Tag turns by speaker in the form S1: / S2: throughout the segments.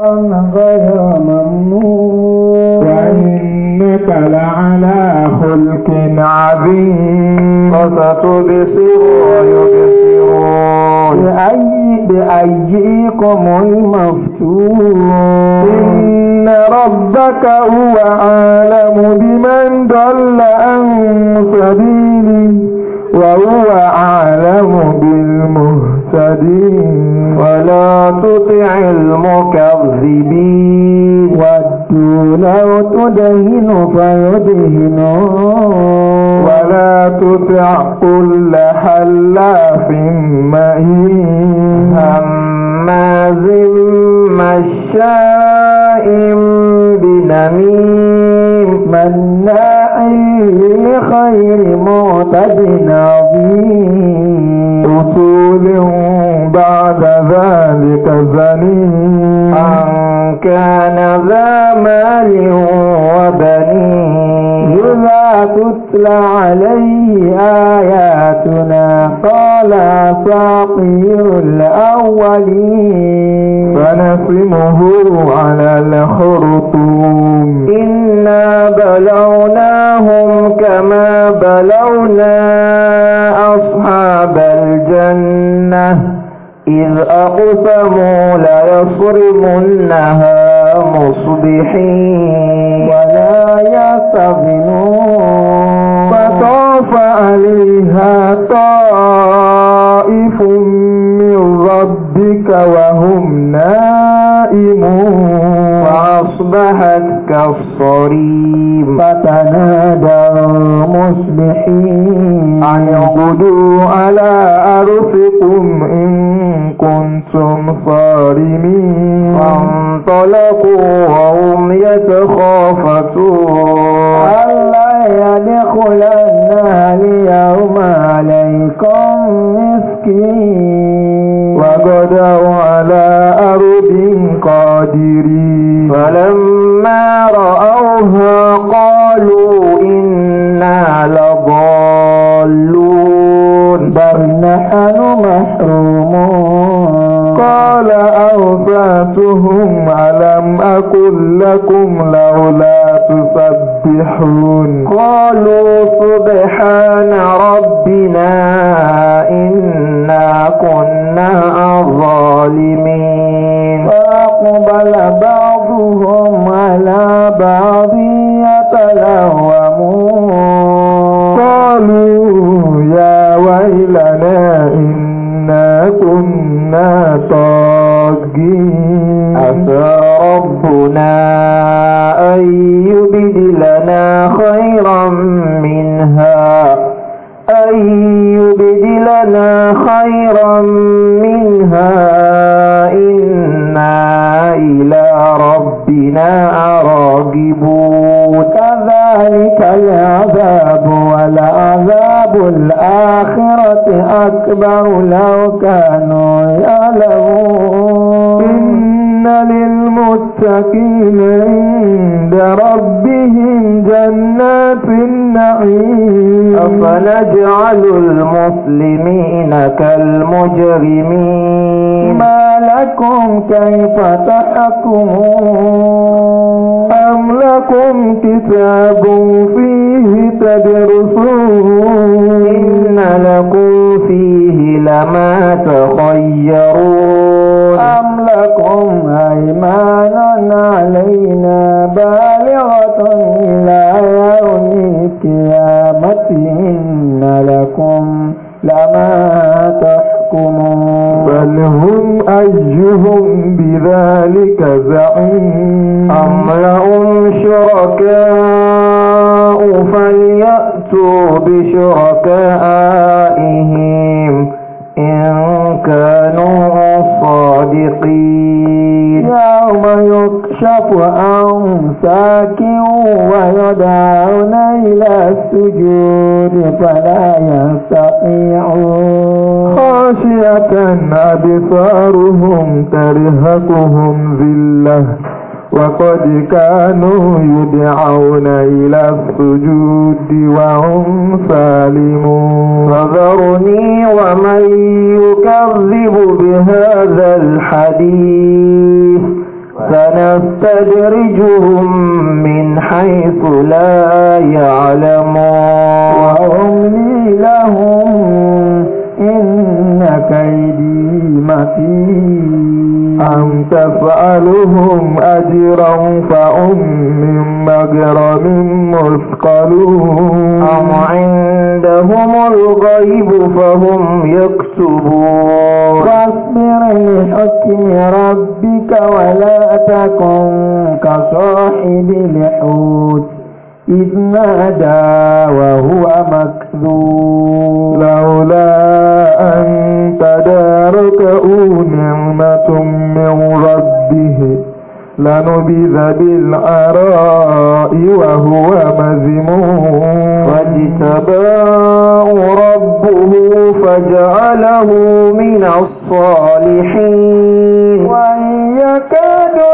S1: غير ممنون وإنك لعلى خلق عظيم وستبصر ويبصرون بأي بأيكم المفتون إن ربك هو أعلم بمن ضل عن سبيله وهو أعلم بالمؤمنين ولا تطع المكذبين ودوا لو تدهن فيدهنون ولا تطع كل حلاف مهين هماز مشاء بنميم نائل خير معتد عظيم رسول بعد ذلك زنين أن كان ذا مال وبنين إذا تتلى عليه آياتنا قال ساقير الأولين فنسمه على الخرطوم إنا بلوناهم كما بلونا أصحاب الجنة إذ أقسموا ليصرمنها مصبحين ولا يستغنون لنا خيرا منها أن يبدلنا خيرا منها إنا إلى ربنا راغبون كذلك العذاب والعذاب الآخرة أكبر لو كانوا يعلمون إن للمتقين عند ربهم جنات النعيم أفنجعل المسلمين كالمجرمين ما لكم كيف تحكمون أم لكم كتاب فيه تدرسون إن لكم فيه لما تخيرون أم لكم أيمان علينا بالغة إلى يوم القيامة إن لكم لما تحكمون هم أجهم بذلك زعيم أم لهم شركاء فليأتوا بشركائهم إن كانوا صادقين يوم يكشف عن ساك ويدعون إلى السجود فلا يستطيعون خشية أبصارهم ترهقهم ذلة وقد كانوا يدعون إلى السجود وهم سالمون فذرني ومن يكذب بهذا الحديث سنستدرجهم من حيث لا يعلمون وأملي لهم كيدي متين أم تسألهم أجرا فهم من مجرم مثقلون أم عندهم الغيب فهم يكسبون فاصبر لحكم ربك ولا تكن كصاحب الحوت إذ نادى وهو مكذوب لولا أن تداركه نعمة من ربه لنبذ بالعراء وهو مذموم فاجتباه ربه فجعله من الصالحين وإن يكاد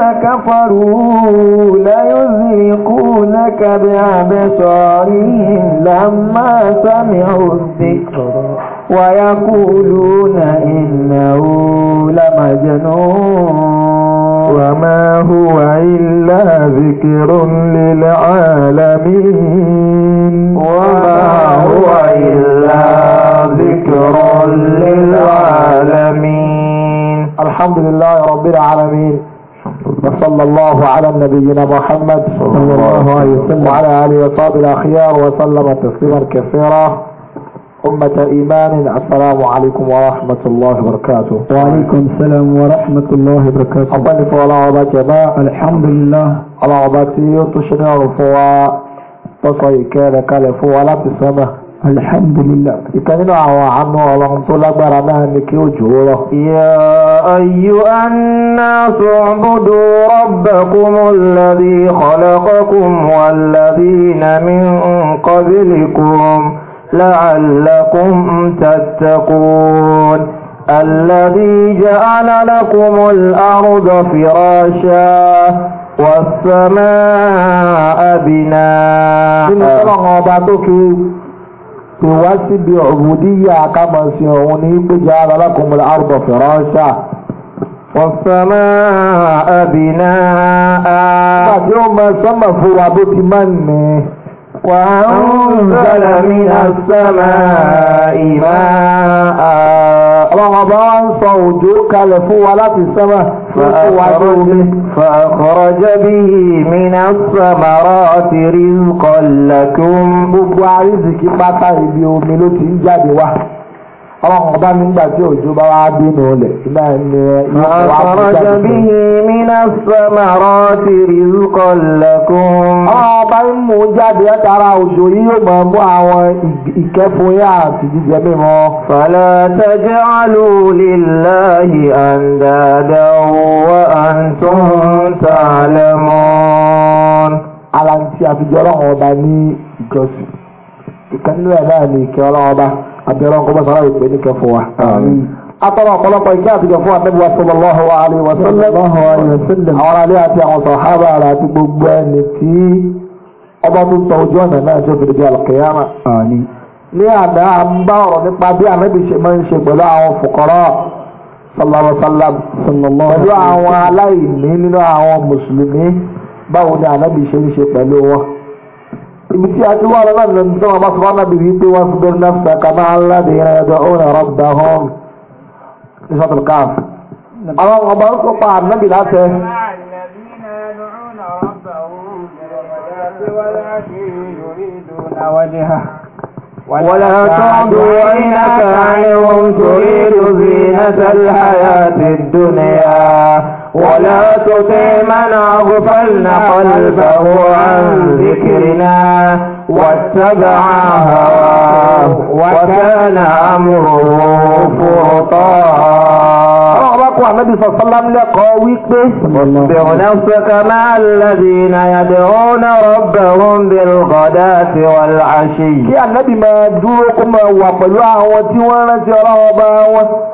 S1: كفروا ليزيقونك بأبصارهم لما سمعوا الذكر ويقولون إنه لمجنون وما هو إلا ذكر للعالمين وما هو إلا ذكر للعالمين الحمد لله رب العالمين وصلى الله على نبينا محمد صلى الله عليه وسلم وعلى آله وصحبه الأخيار وسلم تسليما كثيرا أمة إيمان السلام عليكم ورحمة الله وبركاته وعليكم السلام ورحمة الله وبركاته أبني فولا عبات يبا الحمد لله على عباتي يتشنع رفوا تصيكا لك لفوا لا تسمه alhamdulillah ìkan nínú àwọn àánú ọlọ́run tó lágbára náà ni kí ó jù ú lọ. ya ayyuhan nasu ubudu rabbakumul ladhi khalaqakum walladhina min qablikum la'allakum tattaqun. الذي جعل لكم الأرض فراشا والسماء بناء pè wá síbi ọ̀rùndíyà akámọ̀sí ọ̀hún ní péjà alákùnrin àrùbọ̀ fẹ̀ránṣà. والسماء بناء يوم سما فرابط من وأنزل من السماء ماء ọba wa ń sọ òjò kalẹ̀ fún wa láti sẹ́mà fún wa tó omi. fàkọrọjọ ọlọ́run ọba mi gbà tí òjò bá wá bínú lẹ̀ nígbà ní ìwà àkọ́jà bí mina sẹ́mẹ̀rọ́ ti rí rúkọ lẹ́kùn. ọlọ́run ọba ń mú jáde látara òjò yìí yóò máa mú àwọn ìkẹ́fún yá àti jíjẹ mímọ́. fala taj'alu lillahi andada wa antum ta'lamun. alanti àfijọ́ ọlọ́run ọba ní ìjọsìn ìkànnì rẹ̀ náà ní ìkẹ́ ọlọ́run ọba àbẹ̀rẹ̀ ọkọ̀ bọ́sára ìpè ní kẹfọ́ wa. Atọ́rọ ọ̀pọ̀lọpọ̀ ìgbé àtijọ́ fún Adébúwa sallallahu alaihi wa sallam. Àwọn alẹ́ àti àwọn sàhábà rẹ̀ àti gbogbo ẹni tí ọba tó tọ ojú ọ̀nà náà ṣe fìdí alkiyama. Ní àdá à ń bá ọ̀rọ̀ nípa bí ànábì ṣe máa ń ṣe pẹ̀lú àwọn sallam. Pẹ̀lú àwọn aláìní nínú àwọn mùsùlùmí báwo ni ànábì ṣe ń ṣe pẹ̀lú wọn ibi tí a ti wá lọ́nà ìlànà tí wọ́n bá sọ wọn nàbí wípé wọ́n fi bẹ́ẹ̀ náà sàkà máa ń láti yẹn ẹ̀dọ̀ ó nà rọ́bà hàn ní sọ́tò káf. àwọn ọba ń sọpa ànábì láṣẹ.
S2: ولا تعد عينك عنهم تريد زينه الحياه الدنيا
S1: ولا تطع من اغفلنا قلبه عن ذكرنا واتبع هواه وكان امره فرطا النبي صلى الله عليه وسلم قال نفسك مع الذين يدعون ربهم بالغداة والعشي يا النبي ما دوركم وقلوا عوتي ونسي الله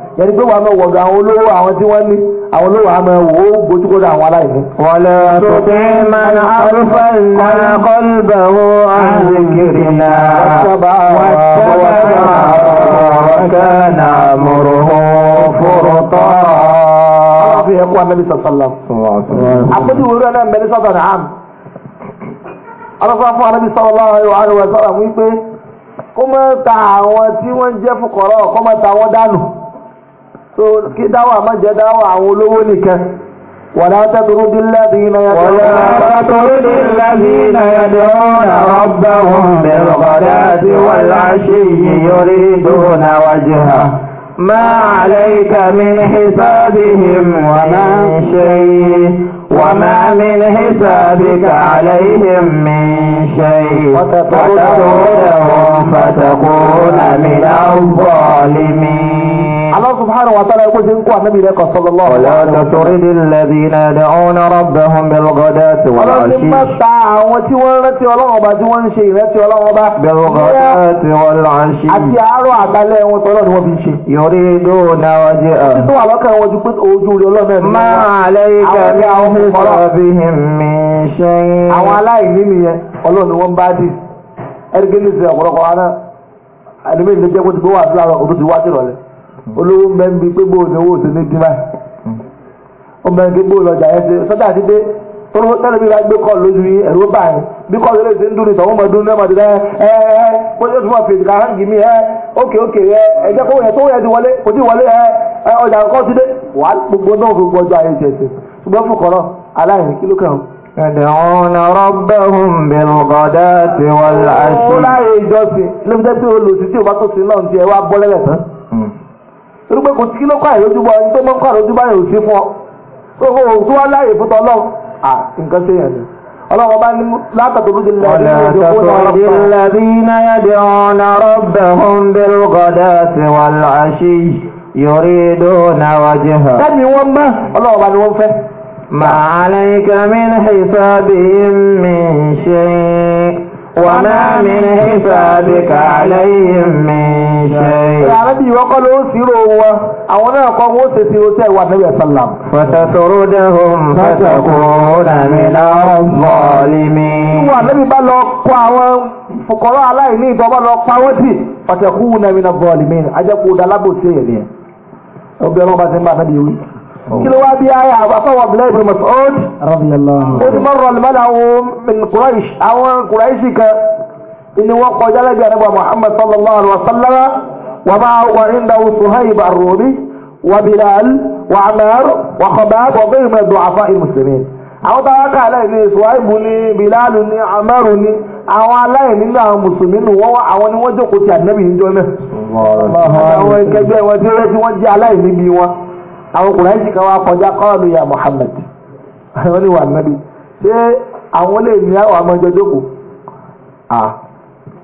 S1: yẹni pé wàá máa wọ̀dọ̀ àwọn olówó àwọn tí wọ́n ní àwọn olówó àmọ́ wò ó bójúkódà àwọn aláìní. wọlé tòkè man arúfẹ́ ìlànà kọ́lùbẹ̀ wo àzìkiri náà wàtábà A na mùrùhù fúrùtọ́. ọlọ́fi àpótí náà wípé kó ta àwọn tí wọ́n jẹ́ kó ta wọ́n dànù. دعوة مجا دعوة ولونك ولا تطرد الذين يدعون ربهم بالغداة والعشي يريدون وجهه ما عليك من حسابهم وما شيء وما من حسابك عليهم من شيء وتطردهم فتكون من الظالمين Allah subhanahu wa ta'ala يقول جنكو النبي لك صلى الله عليه وسلم ولا تطرد الذين يدعون ربهم بالغداة والعشي بالغداة والعشي يريدون وجهه ما عليك من حسابهم من شيء àwọn aláìní nìyẹn ọlọ́run ni wọ́n bá dì ẹ̀rígẹ́lì ṣe ọ̀pọ̀lọpọ̀ ara ẹ̀lẹ́mẹ́rin ló jẹ́ kó ti gbówà sí àwọn òtútù wájú rọ̀lẹ́ olówó ń bẹ ń bi pé bó ni owó òsèlè gbé báyìí ó ń bẹ ń ké bó lọjà yẹn ṣe sọ́jà ti dé tọ́lọ́ tẹ́lẹ̀ bí wàá gbé kọ́ lójú yín ẹ̀rọ báyìí bí kọ́ lórí èsì ń dún ní tọ́wọ́ mọ̀ dún ní ọmọdé náà ẹ ẹ bó ṣe túmọ̀ fèsì ká hàn gìmí ẹ ókè ókè ẹ ẹjẹ kó yẹn tó yẹn ti wọlé kò ti wọlé ẹ ọjà kọ́ ti dé wàá gbogbo náà fi gbọdọ̀ ayé ṣe ṣe ṣùgbọ́n fún kọ́rọ̀ aláìní kí ló kàn án. يدعون ربهم torí pé kò sí kí ló kọ́ àìrójúbọ ẹni tó mọ́ kọ́ àìrójúbọ yẹn ò sí fún ọ tó o tó wá láàyè fún tọ́lọ́ à nǹkan ṣe yẹn ni ọlọ́run bá ní látàtò lójú lẹ́yìn yad'una rabbahum bil ghadati wal 'ashi yuriduna wajha. sẹ́ni wọ́n mọ́ ọlọ́run bá ní wọ́n fẹ́. وما من حسابك عليهم من شيء العربي وقال سيروا àwọn náà kọ́ wọ́n ṣe sí oṣù ẹ̀wà níbi ẹ̀sánlá. fatatrudahum fatakuna mina zalimin. wọ́n ni kí ló wá bí ayé àbáfọwọ́ abdullahi bin mas'ud ó ti mọ̀rọ̀ lọ́la òun min quraish àwọn quraish kan ni wọ́n kọjá lẹ́gbẹ̀ẹ́ nígbà muhammad sallallahu alaihi wa sallam wa ma wa inda suhaib arrobi wa bilal wa amar wa khabab wa bẹ́ẹ̀ mẹ́rin du'afa muslimin àwọn bá wá ká aláìní suhaibu ni bilal ni amar ni àwọn aláìní ní àwọn mùsùlùmí nù wọ́n wá àwọn ni wọ́n jókòó ti ànábì níjọ́ náà àwọn ìkẹgbẹ́ wọn tí wọ́n jẹ́ aláìní bí wọn. àwọn kùráìsì kan wá kọjá kọ́ọ̀lù ya Muhammad wọ́n ní wà nábì ṣé àwọn lè ní àwọn amọ̀jọ jókòó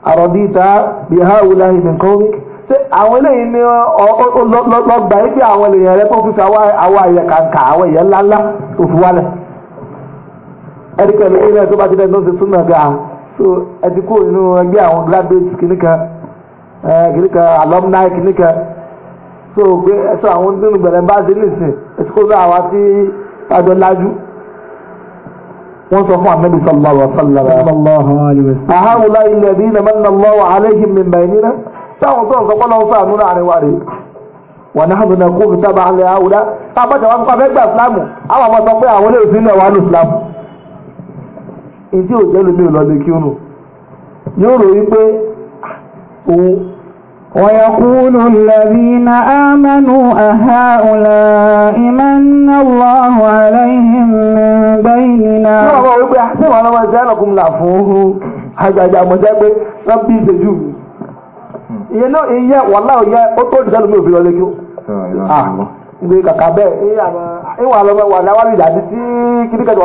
S1: àròdìta bí ha wùlá ìmìn kọ́mík ṣé àwọn eléyìí ní lọ́gbà yìí àwọn èèyàn rẹ tó fi àwọn àyẹ̀ kàǹkà àwọn èèyàn ńláńlá tó fi wálẹ̀ tó bá ti súnmọ́ ga so ẹgbẹ́ àwọn graduate alumni so pé ẹsọ àwọn nínú gbẹ̀rẹ̀ bá ṣe lè sìn ẹsọ kó bá àwa tí àjọ lájú. wọ́n sọ fún Ànábì sallallahu alaihi wasallam. àhàwùlá ilẹ̀ bí iná mẹ́rin lọ́ wà aláìhìn mi bẹ̀rẹ̀ nínú táwọn tó ń sọ pọ́nlọ́ fún rè wà náà bí na kó fi tábà alẹ́ àwùdá tá a bá jà wá fún abẹ́gbà ìsìlámù àwọn ọmọ sọ pé àwọn olè ìsìn náà wà ní ìsìlámù. ìdí òjẹ́ lómi ò lọ bí kí ó nù yóò rò wípé òun ah, ويقول الذين آمنوا أهؤلاء من الله عليهم من بيننا ah, ìyẹn náà ìyẹ wàhálà ìyẹ ó tó ìdíjẹ́ lómi òfin lọ́lẹ́kí ó ah, kàkà bẹ́ẹ̀ ìwà lọ́wọ́ wà ní awárí tí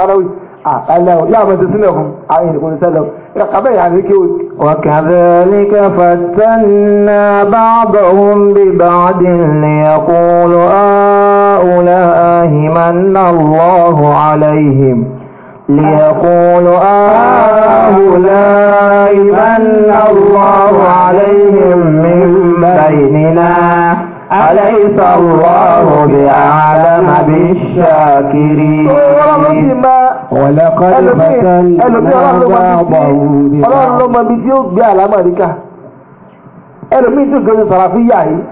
S1: wà ní أقله لا ما تسلهم عين يكون سلهم رقبين يعني كيوت وكذلك فتنا بعضهم ببعض ليقولوا أولاء من الله عليهم ليقولوا أولاء من الله عليهم من بيننا أليس الله بأعلم بالشاكرين ọlọ́run ló mọ ibi tí ó gbé àlámọ̀ríkà ẹlòmíì tó gbé sàràfíyà yìí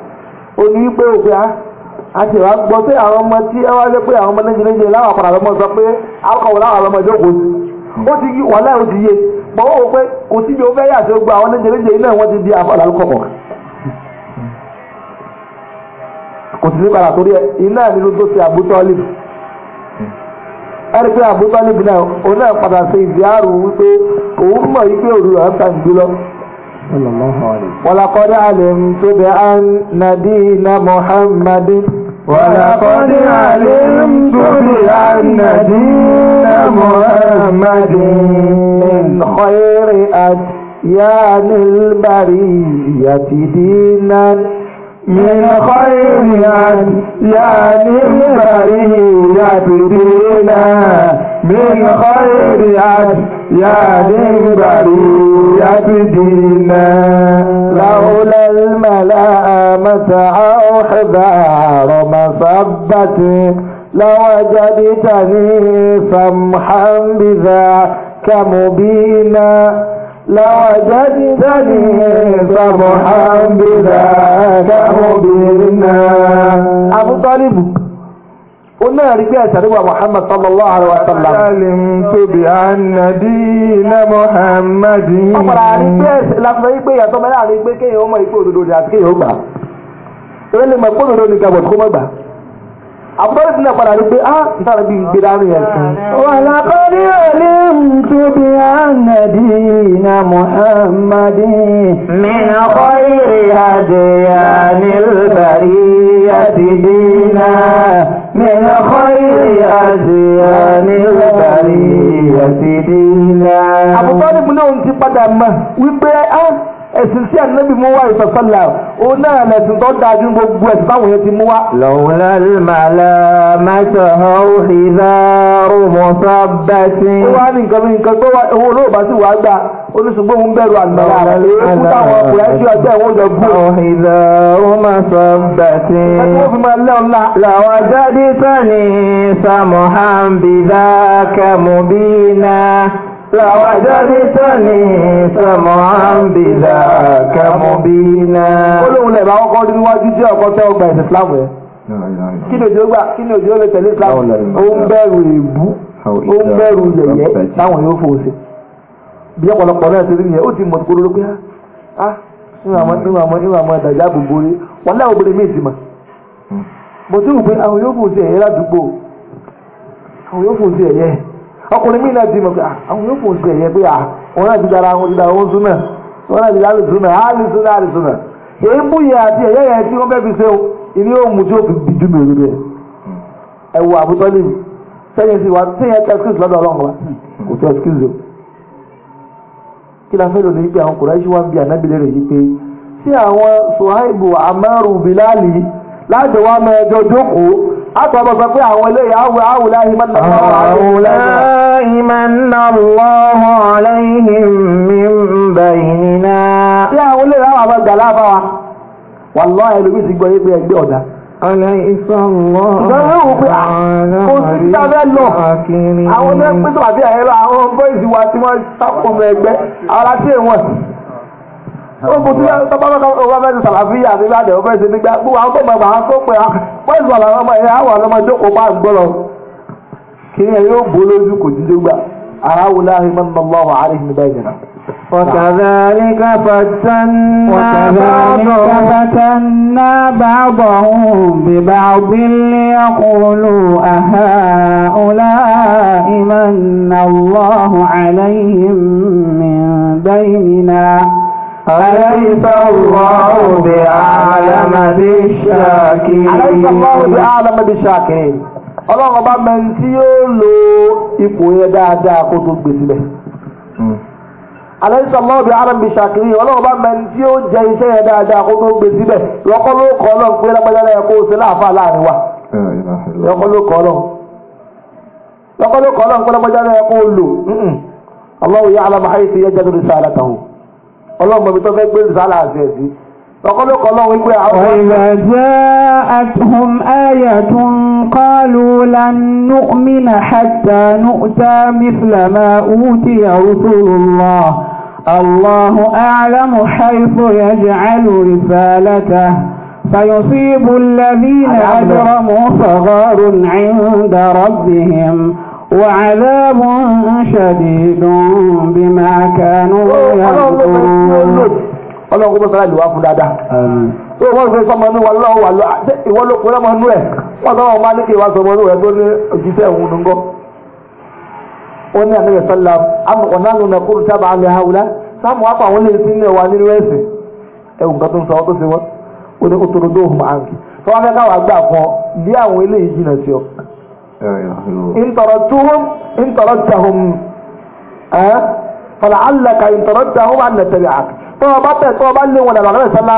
S1: ó ní pé òfin á àti ìwà gbọ́ pé àwọn ọmọ tí ẹ wá lé pé àwọn ọmọ lẹ́jìnlẹ́jìn láwọn àpàdà lọ́mọ sọ pé alukọ̀wọ̀ láwọn àlọ́mọ ìjókòó sí ó ti yí wàhálà ó ti yé mọ ó wò pé kò síbi ó fẹ́ yà tó gba àwọn lẹ́jìnlẹ́jìn iná wọn ti di àpàdà alukọ̀kọ̀ kò sí sí padà ẹ iná nínú tó ṣe àbútọ́lì ẹni pé àbúbálẹ̀ náà òun náà padà sí ìdíárù wípé òun mọ̀ wípé òru rẹ̀ ń ta ìgbélọ́. ولقد علمت بأن دين محمد ولقد علمت بأن دين محمد من خير أديان البرية دينا من خير يا برية دينا من خير أيام برية دينا لولا الملامة أو حذار مصبة لوجدتني سمحا بذاك مبينا لوجدتني فرحا بذاك مبينا أبو طالب قلنا رجاء نبوة محمد صلى الله عليه وسلم علمت بأن دين محمد ọmọdé àrígbé lásán yí pé ìyàtọ̀ mẹ́rin àrígbé kéèyàn ọmọ ìpé òdodo ni àti kéèyàn ó gbà. ìrẹ́lẹ̀ mọ̀ pé òdodo ni gàbọ̀ tó mọ̀ gbà àbúrò ìdílé padà rí pé ah nítorí bí gbé dání yẹn sùn. wàlá kọ́dí òní tó bí ànàdí iná muhammadi. mi ò kọ́ ìrì àdéyà nílùbàrí àdìdínà. mi ò kọ́ ìrì àdéyà nílùbàrí àdìdínà. àbúrò ìdílé òun ti padà mọ̀ wípé ah ẹ̀sìn sí ànábì mú wá ìsọ̀sọ́là ó náà lẹ̀sìn tó dájú gbogbo ẹ̀sìn táwọn yẹn ti mú wá. lọ́wọ́lá màlá mẹ́tọ̀ọ́ ìlà rọ̀mọ́sá bẹ́ sí. ó wá ní nǹkan bí nǹkan tó wá owó olóòbá sì wá gbà oníṣùgbọ́n òun bẹ̀rù àgbàrá rẹ̀ lórí táwọn ọkùnrin ẹ̀ṣọ́ ẹgbẹ́ òun jọ gbé. ìlà rọ̀mọ́sá bẹ́ sí. ẹgbẹ́ Làwàjọ́rítọ́ni sọmọ́án bí dákàmù bí náà. Olóhun lẹ̀ bá kọ́kọ́ dín wájú jẹ́ ọkọ́ tẹ́ ọgbà ẹ̀sìn Islam rẹ̀. Kí ni òjò gbà? Kí ni òjò lè tẹ̀lé Islam? Ó ń bẹ̀rù èébú, ó ń bẹ̀rù yẹ̀yẹ́ táwọn yóò fò ṣe. Bí ọ̀pọ̀lọpọ̀ náà ti rí yẹn, ó ti mọ̀ kúrò pé á nínú àwọn nínú àwọn rí wọn láwọn obìnrin míì ti mọ̀. Hmm. Mo ti rò pé àwọn yóò fò ṣe ẹ̀yẹ ládùúgbò, àwọn yóò fò ṣe ẹ̀yẹ ọkùnrin mí náà di mọ̀ pé ah, àwọn yóò fò sí ẹ̀yẹ pé à ah, wọn náà ti dára wọn ti dára wọn súnà wọn náà ti dára súnà á ah, lè súnà á lè súnà èébú yẹ àti ẹ̀yẹ yẹ tí wọ́n fẹ́ fi ṣe o ìní òmù tí ó fi dìjú mi rẹ̀ ẹ wo àbútọ́lì sẹ́yìn sí wa sẹ́yìn ẹ̀ka skills lọ́dọ̀ ọlọ́run wa kò sọ skills o kí la fẹ́ lò ní àtọ̀bọ̀ sọ pé àwọn ilé àwọ̀ àwọ̀ láhìmọ̀ náà àwọ̀ láhìmọ̀ náà lọ́wọ́ aláìhìn mi ń bẹ̀yìn náà. tí àwọn ilé àwọn àwọn gàlá bá wa wàlọ́ ẹlòmí ti gbọ́ yípe ẹgbẹ́ ọ̀dà. Aláìsànlọ́ ah, àwọn ọmọ ẹgbẹ́ tó àbí àyẹ́lọ́ àwọn bọ́ìsì wa tí wọ́n sápọ̀ mọ ẹgbẹ́ àwọn láti èwọ̀n ó mú tí tọ́pọ́lọ́kọ́ ọba fẹ́ẹ́ sàlàfíà àti ìbàdàn ó fẹ́ẹ́ ṣe nígbà gbogbo àwọn tó mọ̀ àwọn tó pè á wọ́n ìsọ̀ làwọn ọmọ ẹ̀yà àwọn ọmọ ìjókòó pa àgbọ̀rọ̀ kí ẹ yóò bó lójú kò jíjó gbà aráwọ̀ láàrin mọ́nà lọ́wọ́ àárín nígbà ìjìnà. وكذلك فتنا وكذلك فتنا بعضهم ببعض ليقولوا أهؤلاء من الله عليهم من بيننا أليس الله بأعلم بالشاكرين أليس الله بأعلم بالشاكرين ọlọ́run ọba mẹ́rin tí yóò lo ipò yẹn dáadáa kó tó gbé sílẹ̀ alaysa Allahu bi alam bi shakirin ọlọ́run ọba mẹ́rin tí yóò jẹ iṣẹ́ yẹn dáadáa kó tó gbé sílẹ̀ lọ́kọ́ ló kọ́ ọlọ́run pé lápẹ́jà lẹ́yìn kó o ṣe láàfáà láàrin wa lọ́kọ́ ló kọ́ ọlọ́run lọ́kọ́ ló kọ́ ọlọ́run pé lápẹ́jà lẹ́yìn kó o lò Allahu ya'lamu haythu yaj'alu risalatahu ọlọ́mọ ibi tó fẹ́ gbé zala àti ẹ̀sí ọkọ́lọ́kọ́ lọ́wọ́ wípé àwọn ọmọ ìgbà jẹ́ àtúhùn ayà tún kọlù lánú mìnà hàtà núta mìfìlàmà útì àrùsùlùmọ́ الله أعلم حيث يجعل رسالته فيصيب الذين أجرموا صغار عند ربهم وعذاب شديد بما كانوا oh, يعملون ọlọ́run wa fún dáadáa tó wọ́n fi sọmọ inú wa lọ́wọ́ wà lọ́wọ́ ìwọ ló kó lọ́mọ inú ẹ̀ wọ́n sọ wọn máa ní kí ìwà sọmọ inú ẹ̀ tó ní òjíṣẹ́ òun na kúrú sábà àmì àwùlá sáàmù wá fún àwọn ilé ìsìn ilé wa nínú ẹ̀sìn ẹ̀wù nǹkan tó ń sọ ọ́ tó إن طردتهم إن طردتهم أه؟ فلعلك إن طردتهم أن نتبعك tọ́wọ́ bá tẹ̀ tọ́wọ́ bá lé wọn lànà àgbẹ̀rẹ̀ sẹ́lá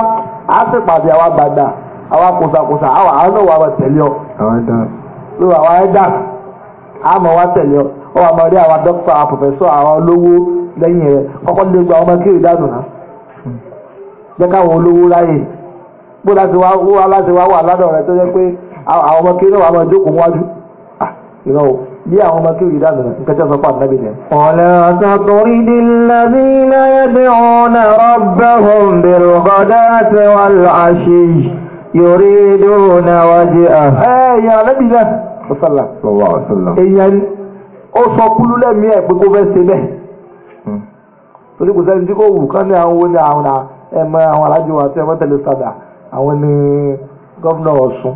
S1: á sì pàdé àwa gbàgbà àwa kùsàkùsà àwa àwọn náà wà wá tẹ̀lé ọ. lórí Awa ẹ̀dá àmọ̀ wá tẹ̀lé ọ ọ wà máa rí àwa dókítà àwọn pòfẹ́sọ̀ àwọn olówó lẹ́yìn rẹ̀ ìran o bí àwọn ọmọ kéwì dànù nǹkan tí wọ́n sọ pé ànábì nìyẹn. ọ̀lẹ́ àtàkùnrin ní lẹ́bí lẹ́yẹ̀dẹ̀ ọ̀nà rọ́bẹ̀hùn bẹ̀rù kọ́dá ti wà láṣẹ yorí dùnà wájú à. ẹ yà ànábì náà sọ́sàlà èèyàn ó sọ kúlú lẹ́mìí ẹ̀ pé kó fẹ́ ṣe bẹ́ẹ̀. Hmm. torí kò sẹ́ni tí kò wù kán ní àwọn wo ni àwọn ẹ̀mọ àwọn alájọ àti ẹ̀mọ tẹ̀lé sàdà àwọn ni gọ́vnọ̀ Ọ̀ṣun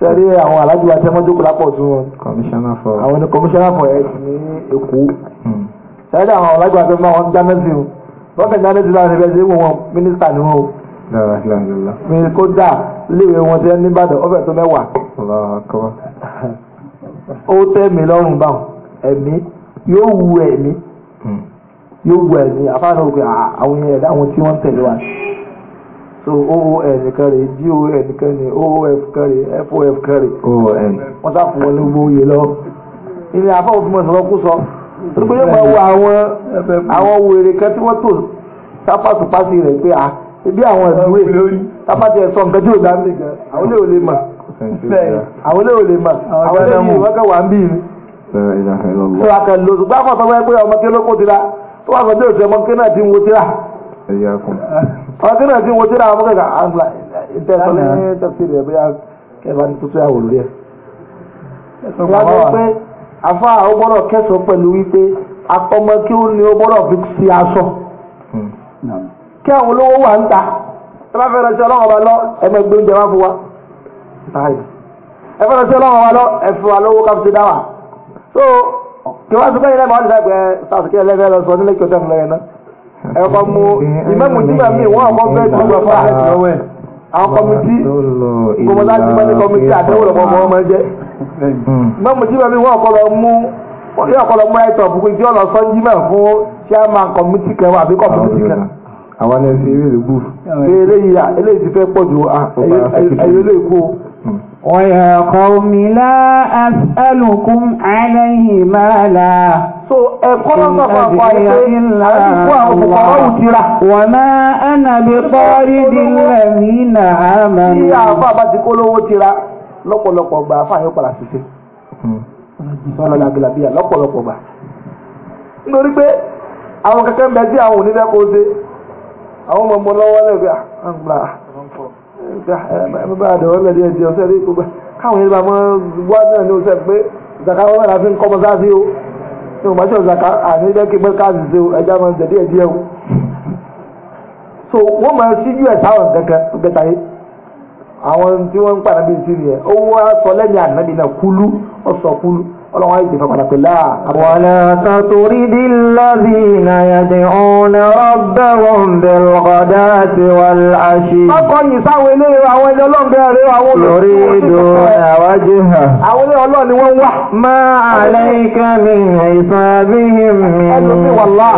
S1: sẹ́rí àwọn alájú wa tẹ́ mọ́jókòó lápọ̀ sí wọn.
S2: commissioner for àwọn
S1: ni commissioner for health ní èkó. sẹ́rí hmm. àwọn alájú wa tẹ́ mọ́ wọn já mẹ́sìn o lọ́kẹ̀ já mẹ́sìn láti fẹ́ sí wọn mínísítà ni wọn o. mi kó dà léèwé wọn tẹ́ níbàdàn ọ̀fẹ́ tó mẹ́wàá. ó tẹ́ mi lọ́rùn báwọn ẹ̀mí yóò wu ẹ̀mí hmm. yóò wu ẹ̀mí àfáàní òkè àwọn ẹ̀dá àwọn tí wọ́n tẹ̀lé wa so oon kan rè don kan rè oof kan rè fof kan rè oon wọ́n sá fún wọn ní gbogbo oyè lọ ilé afọ òfin mọ̀ sọ̀rọ̀ kú sọ torí pé yóò máa wo àwọn àwọn wèrè kan tí wọ́n tò sápàtù pàṣẹ rẹ̀ pé à ibi àwọn ìdúwé sápàtù ẹ̀ sọ nǹkan tí ò dá mi gan àwọn ilé ò lè mà àwọn ilé ò lè mà àwọn ilé yìí wọ́n kẹ́ wà ń bí mi. sọ àkàn lò ṣùgbọ́n àfọ̀sọ́gbọ́n ẹgbẹ́ ọmọ kí ló kó tira tó wà sọ́jọ́ ìṣẹ́ ọmọ kí náà ti ń wo tira a kana jin wata da muka ga an la ita sanin ah, eh, tafsir ya biya ke ba tutu ya wulu ya ya jẹ́ pé afa ó gbọ́dọ̀ kẹ́sọ̀ pẹ̀lú wípé akọmọ kí ó ní ó gbọ́dọ̀ fi si aṣọ kí àwọn olówó wà ń ta ẹ bá fẹ́ràn sí ọlọ́wọ́ ọba lọ ẹgbẹ́ gbẹ́ngbẹ́ wá fún wa ẹ fẹ́ràn sí ọlọ́wọ́ ọba lọ ẹ fún wa lówó ká fi ṣe dá wa so kí wọ́n ti bẹ́yìn lẹ́mọ̀ọ́ nígbà pé sàṣìkí ẹlẹ́fẹ́ lọ sọ nílé kí o tẹ́ fún lẹ́yìn náà ẹ̀kọ́ mu ìmọ̀mù nígbà míì wọ́n àkọ́ fẹ́ tó gbà fún àhẹ́sì lọ́wọ́ ẹ̀ àwọn kọ́mítì kọ́mọ́tà ti bá ní kọ́mítì àtẹ́wò lọ́pọ̀ ọmọ ọmọ jẹ́ ìmọ̀mù nígbà míì wọ́n àkọ́ lọ mú ní ọ̀kọ́ lọ mú ẹ̀tọ́ fún pé kí ọ̀nà sọ́njímẹ̀ fún chairman kọ́mítì kan àbí kọ́mítì kan àwọn ẹni fi eré rẹ̀ bù. eléyìí ti fẹ́ pọ̀ ju ẹ̀yọ́ lè kú o. وَيَا قَوْمِ لَا أَسْأَلُكُمْ عَلَيْهِ مَالًا so ẹ̀kọ́ lọ́sọ̀ fún àpá wà tira lọ́pọ̀lọpọ̀ hmm. nítorí pé àwọn bẹ tí àwọn ṣe àwọn ọmọ ọmọ lọ́wọ́ lẹ́gbẹ̀ẹ́ bá a dọ̀wọ́ lẹ́dí ẹ̀jẹ̀ ọ̀sẹ̀ rí gbogbo káwọn yẹn bá mọ́ wá náà ní oṣù pé zaka wọn náà fi ń kọ́ ọmọ sáà sí o ní o máṣe zaka àní lẹ́kì pé káàdì sí o ẹja máa ń tẹ̀lé ẹ̀jẹ̀ o. so wọ́n máa ṣíjú ẹ̀ sáwọn kankan gbẹ̀ta yìí àwọn tí wọ́n ń pàdánù bíi sí nìyẹn owó aṣọ lẹ́yìn ànábì náà kúlú ọ̀sọ̀ kúlú ọlọ́wọ́ ìgbè fọ́padà pẹ̀lá wàlá sàtòrídì lábìnà yàdì ọ̀nà rabbahum bilghadati wal ashi ọkọ̀ yìí sáwọn ilé àwọn ilé ọlọ́ọ̀bẹ̀rẹ̀ àwọn olórí ìdò àwájú hàn àwọn ilé ọlọ́ọ̀ ni wọ́n wà máa alayka min hisabihim min ẹlòmí wàlá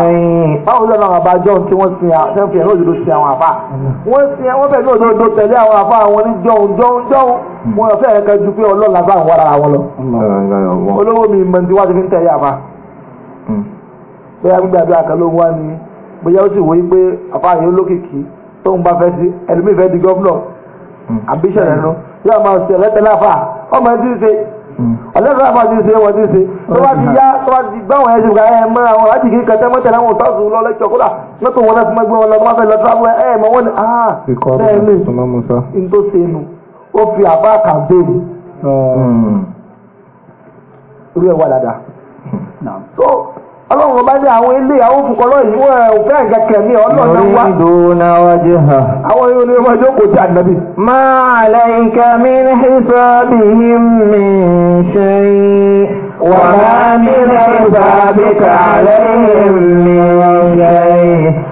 S1: báwo lọ́nà àbájọ́ tí wọ́n sin àtẹ́fì ẹ̀rọ òdòdó sí àwọn àfà wọ́n sin wọ́n olówó mi mọ̀ tí wá ti fi ń tẹ̀ yá fa hmm. bóyá gbígbé àdúrà kan ló ń wá ní bóyá ó sì wò yí pé àfáàyè olókìkí tóun bá fẹ́ sí ẹlòmíì fẹ́ di gọ́fúnọ̀ hmm. ambition ẹ̀nu hmm. yóò máa ṣe ọ̀lẹ́tẹ̀ láfà ọmọ ẹ ti ṣe ọ̀lẹ́tẹ̀ láfà ti ṣe wọ́n ti ṣe tó bá ti yá tó bá ti gbá wọn ẹ̀sìn ká ẹ̀ mọ́ àwọn láti kí kẹtẹ́ mọ́tẹ̀ láwọn ọ̀tọ́sùn lọ lẹ́kọ̀ọ́ kódà mọ́tò wọn lẹ́fún mẹ́gbẹ́ wọn lọ́dún ah bẹ́ẹ̀ ni n tó ṣe nu ó fi irú ẹ̀ wà dáadáa. so ọlọ́run ọba ní àwọn ilé àwọn òfukọ lọ́yìn wọ́n ẹ̀ òfẹ́ ní ọlọ́run náà wá. ìdúná wájú hàn. àwọn yóò ní ọmọ ìjókòó ti ànábì. máa lẹ́yìn kẹ́mi ní ìsọ́bì mi ṣe é. وما من حسابك عليهم من شيء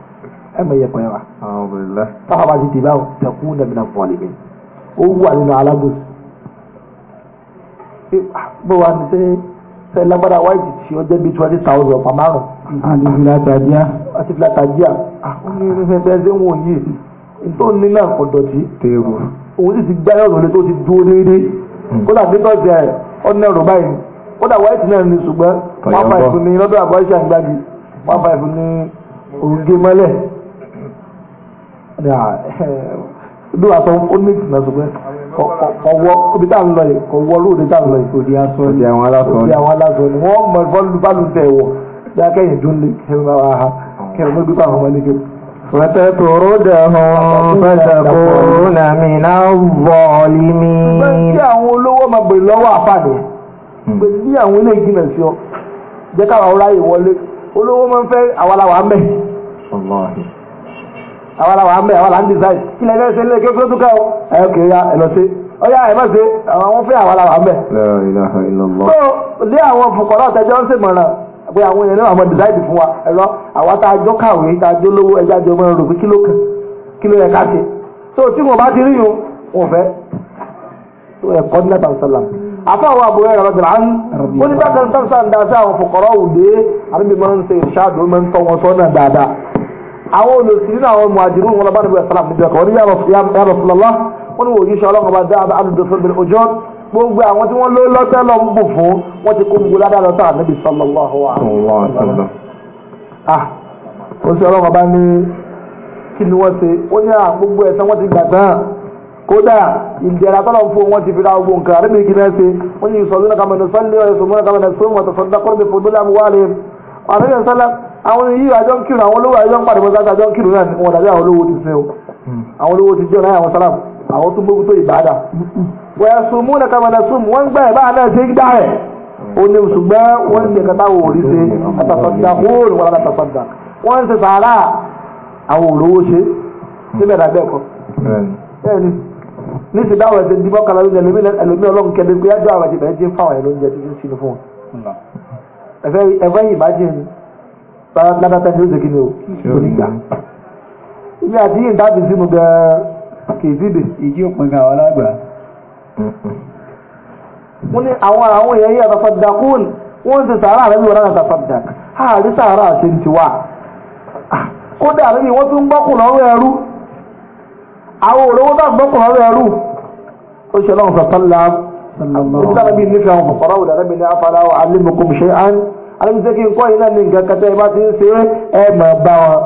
S1: ẹ mọ̀ yẹ pẹ́ wa. táwọn bá ti dì báwọn tẹ̀kú lẹ́mìnà fọ́ọ̀lì mi ó wà nínú alágbòsí. Ah, bó wa ní sẹ́ sẹ́ lágbára wáyé ti ṣe ọjọ́ bíi twenty thousand ọ̀pá márùn. àti fìlà tàjíà. àti fìlà tàjíà. Ah, ó ní irúfẹ́ bẹ́ẹ̀ ṣé wọ́n yìí nítorí nínú àkọ́dọ̀tì. téèrò. òun sì ti gbá yọ̀rọ̀ lé tó ti dúró déédéé. Hmm. kódà bí tọ́sí ẹ̀ ọ̀nà ẹ̀rọ báyìí kódà wáìtì náà ní ṣùgbọ́n one five ní lọ́dọ̀ àbọ̀ ẹ̀ṣẹ̀ àgbàdì one five ní ògè mọ́lẹ̀ bí wàá sọ ó ní ìtìmọ̀ sọ pé ọwọ́ ibi tá à ń lọ yìí kò wọ lóòdì tá à ń lọ yìí. òdi aṣọ ni òdi àwọn aláṣọ ni wọ́n mọ bọ́ọ̀lù bálù tẹ̀ wọ̀ bí akẹ́yìn dún lé kẹrin bá wà á kẹrin ló gbígbà wọn lé kẹrin. وتطردهم فتكون من الظالمين bí àwọn olówó máa bèrè lọ́wọ́ àfàdé bí àwọn ilé ìgbìmọ̀ sí jẹ́ káwọn ọ̀rá yìí wọlé olówó máa ń fẹ́ àwọn aláwọ̀ á mẹ́ àwọn làwọn àmì àwọn làwọn design kí lè fẹ́ ṣe lé kékeré tó kẹ́ ọ ẹ kì í ya ẹ lọ sí ó yá ẹ má ṣe àwọn fẹ́ àwọn làwọn àmì. so lé àwọn fòkànlá ọ̀tẹ́jọ́ ń ṣèmọ̀ràn pé àwọn èèyàn náà àwọn design fún wa ẹ̀rọ àwọn tá a jọ kàwé tá a jọ lówó ẹja jọ mọ́ ẹrù pé kí ló kàn kí ló yẹ ká ṣe so tí wọn bá ti rí yun wọn fẹ́ ẹ̀kọ́ ní nàbà sàlám afa àwọn àbúrò ẹ̀rọ ọ̀dọ̀ àwọn oníbàkan sáfsà ń dá sí àwọn fòkànlá òde àbí mi máa ń ṣe ìṣáàdùn máa ń tọ́ wọn sọ́nà dáadáa àwọn olùsìnrin àwọn mùhàjírù wọn lọ bá níbi ẹ̀sán àmì ìjọkọ̀ ní yàrá fúlọ́lá wọn ni òjíṣẹ́ ọlọ́run bá dáa àdúgbò fún ìbílẹ̀ ọjọ́ gbogbo àwọn tí wọ́n ló lọ́tẹ́ lọ ń bù fún wọ́n ti kó gbogbo ládàá lọ́tà níbi sallallahu alaihi wasallam. oṣù ah, ọlọ́run bá ní kí ni wọ́n ṣe ó ní à ah, gbogbo ẹ̀san wọ́n ti gbà tán kódà ìdẹ̀ra tọ́lọ̀ fún wọn ti àwọn yìí àjọ ń kírun àwọn olówó àjọ ń pàdé mọ́sáàtì àjọ ń kírun náà wọn dàbí àwọn olówó ti sin o àwọn olówó ti jẹun náà àwọn sálàmù àwọn tó gbógun tó ìbáadà wọ́n ẹ̀sùn múnà kàmánà sùn wọ́n gbà ẹ̀ báà náà ṣe ń dá ẹ̀ ó ní ṣùgbọ́n wọ́n ń gbẹ̀kátà wò rí ṣe àtàfàdà hóòrùn wọn àtàfàdà wọ́n ń ṣe sàárà àwọn olówó ṣe síbẹ̀ dà bẹ́ẹ̀ kọ́ bẹ́ẹ̀ni ní ti dáwọ̀ ẹ̀sẹ̀ dìbọn kan lóúnjẹ ẹlòmí ọlọ́run kẹ́lẹ́ pé ájọ́ àwọn ẹ̀jẹ̀ bẹ̀rẹ̀ ti ń fáwọn ẹ̀lóúnjẹ ti ń sinú fún wọn ẹ̀fẹ́ yìí bá jẹ́ ni sára lábẹ́tẹ́ ní ó segin ní o kò ní gbà. ilé àti yìí ń dábì sínú gan-an kì í síbè. ìjì òpin kan àwọn alágbà. wọ́n ní àwọn àwọn èèyàn yìí àtàfàdàkùn wọ́n ti sàárà rẹ̀ wọ́n náà àtàfàdàk àárí sàárà ṣe ń tiwa. Ah, kódà àrẹ́bí wọ́n tún gbọ́kùn lọ́rọ̀ ẹrú àwọn òrówó náà gbọ́kùn lọ́rọ̀ ẹrú ó ṣe lọ́run sọ̀tọ́lá. Ìtàlẹ́bí nífẹ̀ẹ́ àwọn fọ̀fọ́rọ́ alábìsẹ́ kí n kọ́ yìí náà ní nǹkan kẹtẹ́ bá ti ń ṣe é mọ̀ bá wọn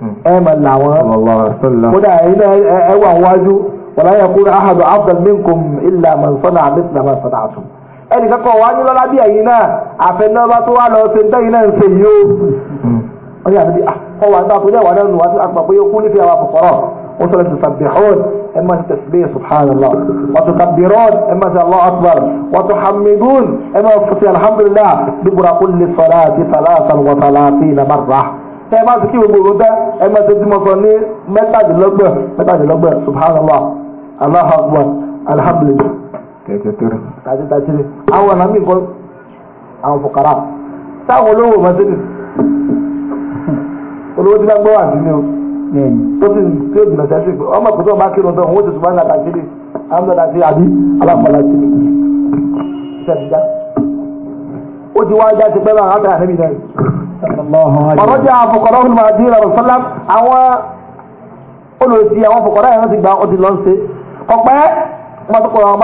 S1: hmm. ẹ mọ̀ là wọn kódà yìí náà ẹ wà wájú wala yakun ahadu afdal minkum illa man sọ́nà àmísìlá àtún ẹnì kankan wà ní lọ́lá bí ẹ̀yin náà àfẹnáwá tó wà lọ ṣe ń tẹ́yìn náà ń ṣe yìí ó hmm. wọ́n yà وصلت تسبحون اما تسبيح سبحان الله وتكبرون اما الله اكبر وتحمدون اما الحمد لله دبر كل صلاة ثلاثا وثلاثين مرة ẹ bá ti kí gbogbo òru tẹ ẹ máa ṣe tí mo sọ ní mẹ́tàdínlọ́gbọ̀n mẹ́tàdínlọ́gbọ̀n subhanallah allahu akbar alhamdulilah kẹkẹtẹrẹ tàti tàti rẹ àwọn àmì nǹkan àwọn fòkàrà táwọn olówó máa ṣe nì olówó ti bá gbọ́ wà nínú tó ti ṣe mẹ̀sẹ̀sì pé ọmọ kò tó bá kírun tó òun ó ti sùn bá ńlá làṣírí àmì làṣírí àbí aláfọ làṣírí ṣẹ̀dá. ó ti wá ẹja ti pẹ́ náà látàrí àníbi náà. ọ̀rọ̀ jẹ́ àfọkọ̀rọ̀ ọ̀hún máa di ìrọ̀rùn sọ́lá àwọn olùsí àwọn fọkọ̀rọ̀ yẹn ti gba ọtí lọ́n ṣe ọ̀pẹ́ wọn àwọn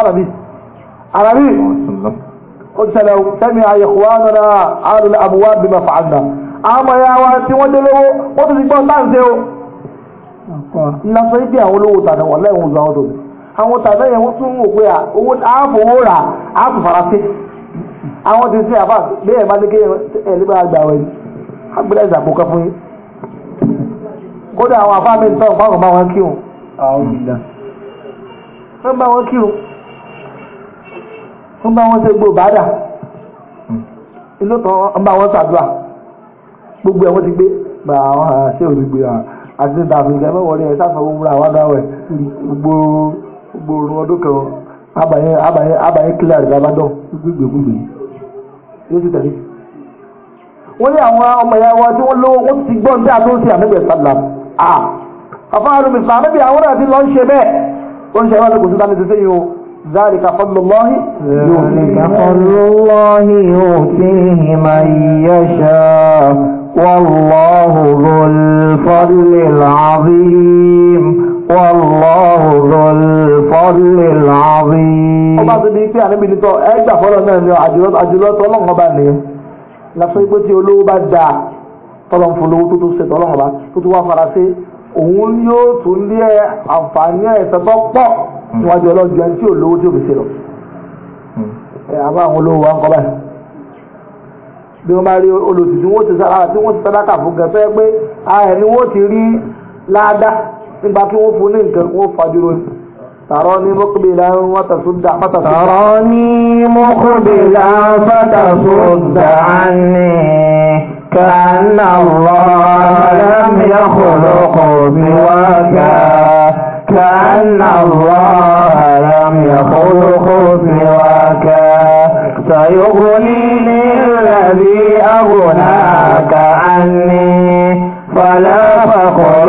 S1: mọ́nà ńlá sọ ibi àwọn olówó tàdá wà lẹ́wọ̀n ọ̀dọ̀ ọ̀dọ̀ àwọn tàdá yẹn wọ́n tún wò pé owó àáfowó rà àáfò faransé àwọn ti sẹ́ àbá bí ẹ̀ bá ní kí ẹ̀ nígbà àgbà fún yín kódà àwọn àbá mi tọ́ gbogbo ẹ̀ ti gbé gbà àwọn àṣẹ òdìgbò àwọn àti tẹ̀tà àfìgà mẹ́wọ̀ọ́ ní ẹ̀ sáfà gbogbo àwọn adáwẹ̀ gbogbo gbogbo ọdún kan abayẹ abayẹ abayẹ kílẹ̀ àdìgbàbádọ́ gbígbègbè yóò ti tẹ̀lé. wọ́n ní àwọn ọmọ ìyá wa tí wọ́n lówó wọ́n ti gbọ́ ní àtúnṣe àmẹ́gbẹ̀ẹ́ sálà à àfáàrùn mìsàn àmẹ́bí àwọn náà ti lọ ń ṣe bẹ́ẹ̀ ó ń ṣe àwọn ọ̀dọ́ kò sí tani ti sẹ́yìn o. ذلك فضل الله ذلك فضل الله يؤتيه من يشاء والله ذو الفضل العظيم والله ذو الفضل العظيم ọba tó pé àníbi nítọ́ ẹgbà fọ́lọ́ náà ni àjùlọ tọ́lọ́run ọba nìyẹn lásán pé tí olówó bá dáa tọ́lọ́run fún olówó tó tó ṣe tọ́lọ́run ọba tó tó wá fara sí òun yóò tún lé àǹfààní ẹ̀sẹ̀ tó pọ̀ Hmm. níwájú ọlọ́jọ́ ẹni tí ò lówó tí ò fi ṣe lọ hmm. àbá àwọn olówó wa ń kọ́ báyìí bí wọ́n bá rí olùsì tí wọ́n ti sára tí wọ́n ti sádákà fún gan tó yẹ pé ààrẹ ni wọ́n ti rí láàdá nígbà kí wọ́n fún ní nǹkan wọ́n fàdúró ni tààrọ ní mọ́kùnbílá wọ́n tàṣúdà pátáṣúdà. tààrọ ní mọ́kùnbílá pátáṣúdà ní kàánà lọ́ọ́ lámìlá kòlókòó mi wá gáà. كأن الله لم يخلق سواك سيغني للذي أغناك عني فلا فقر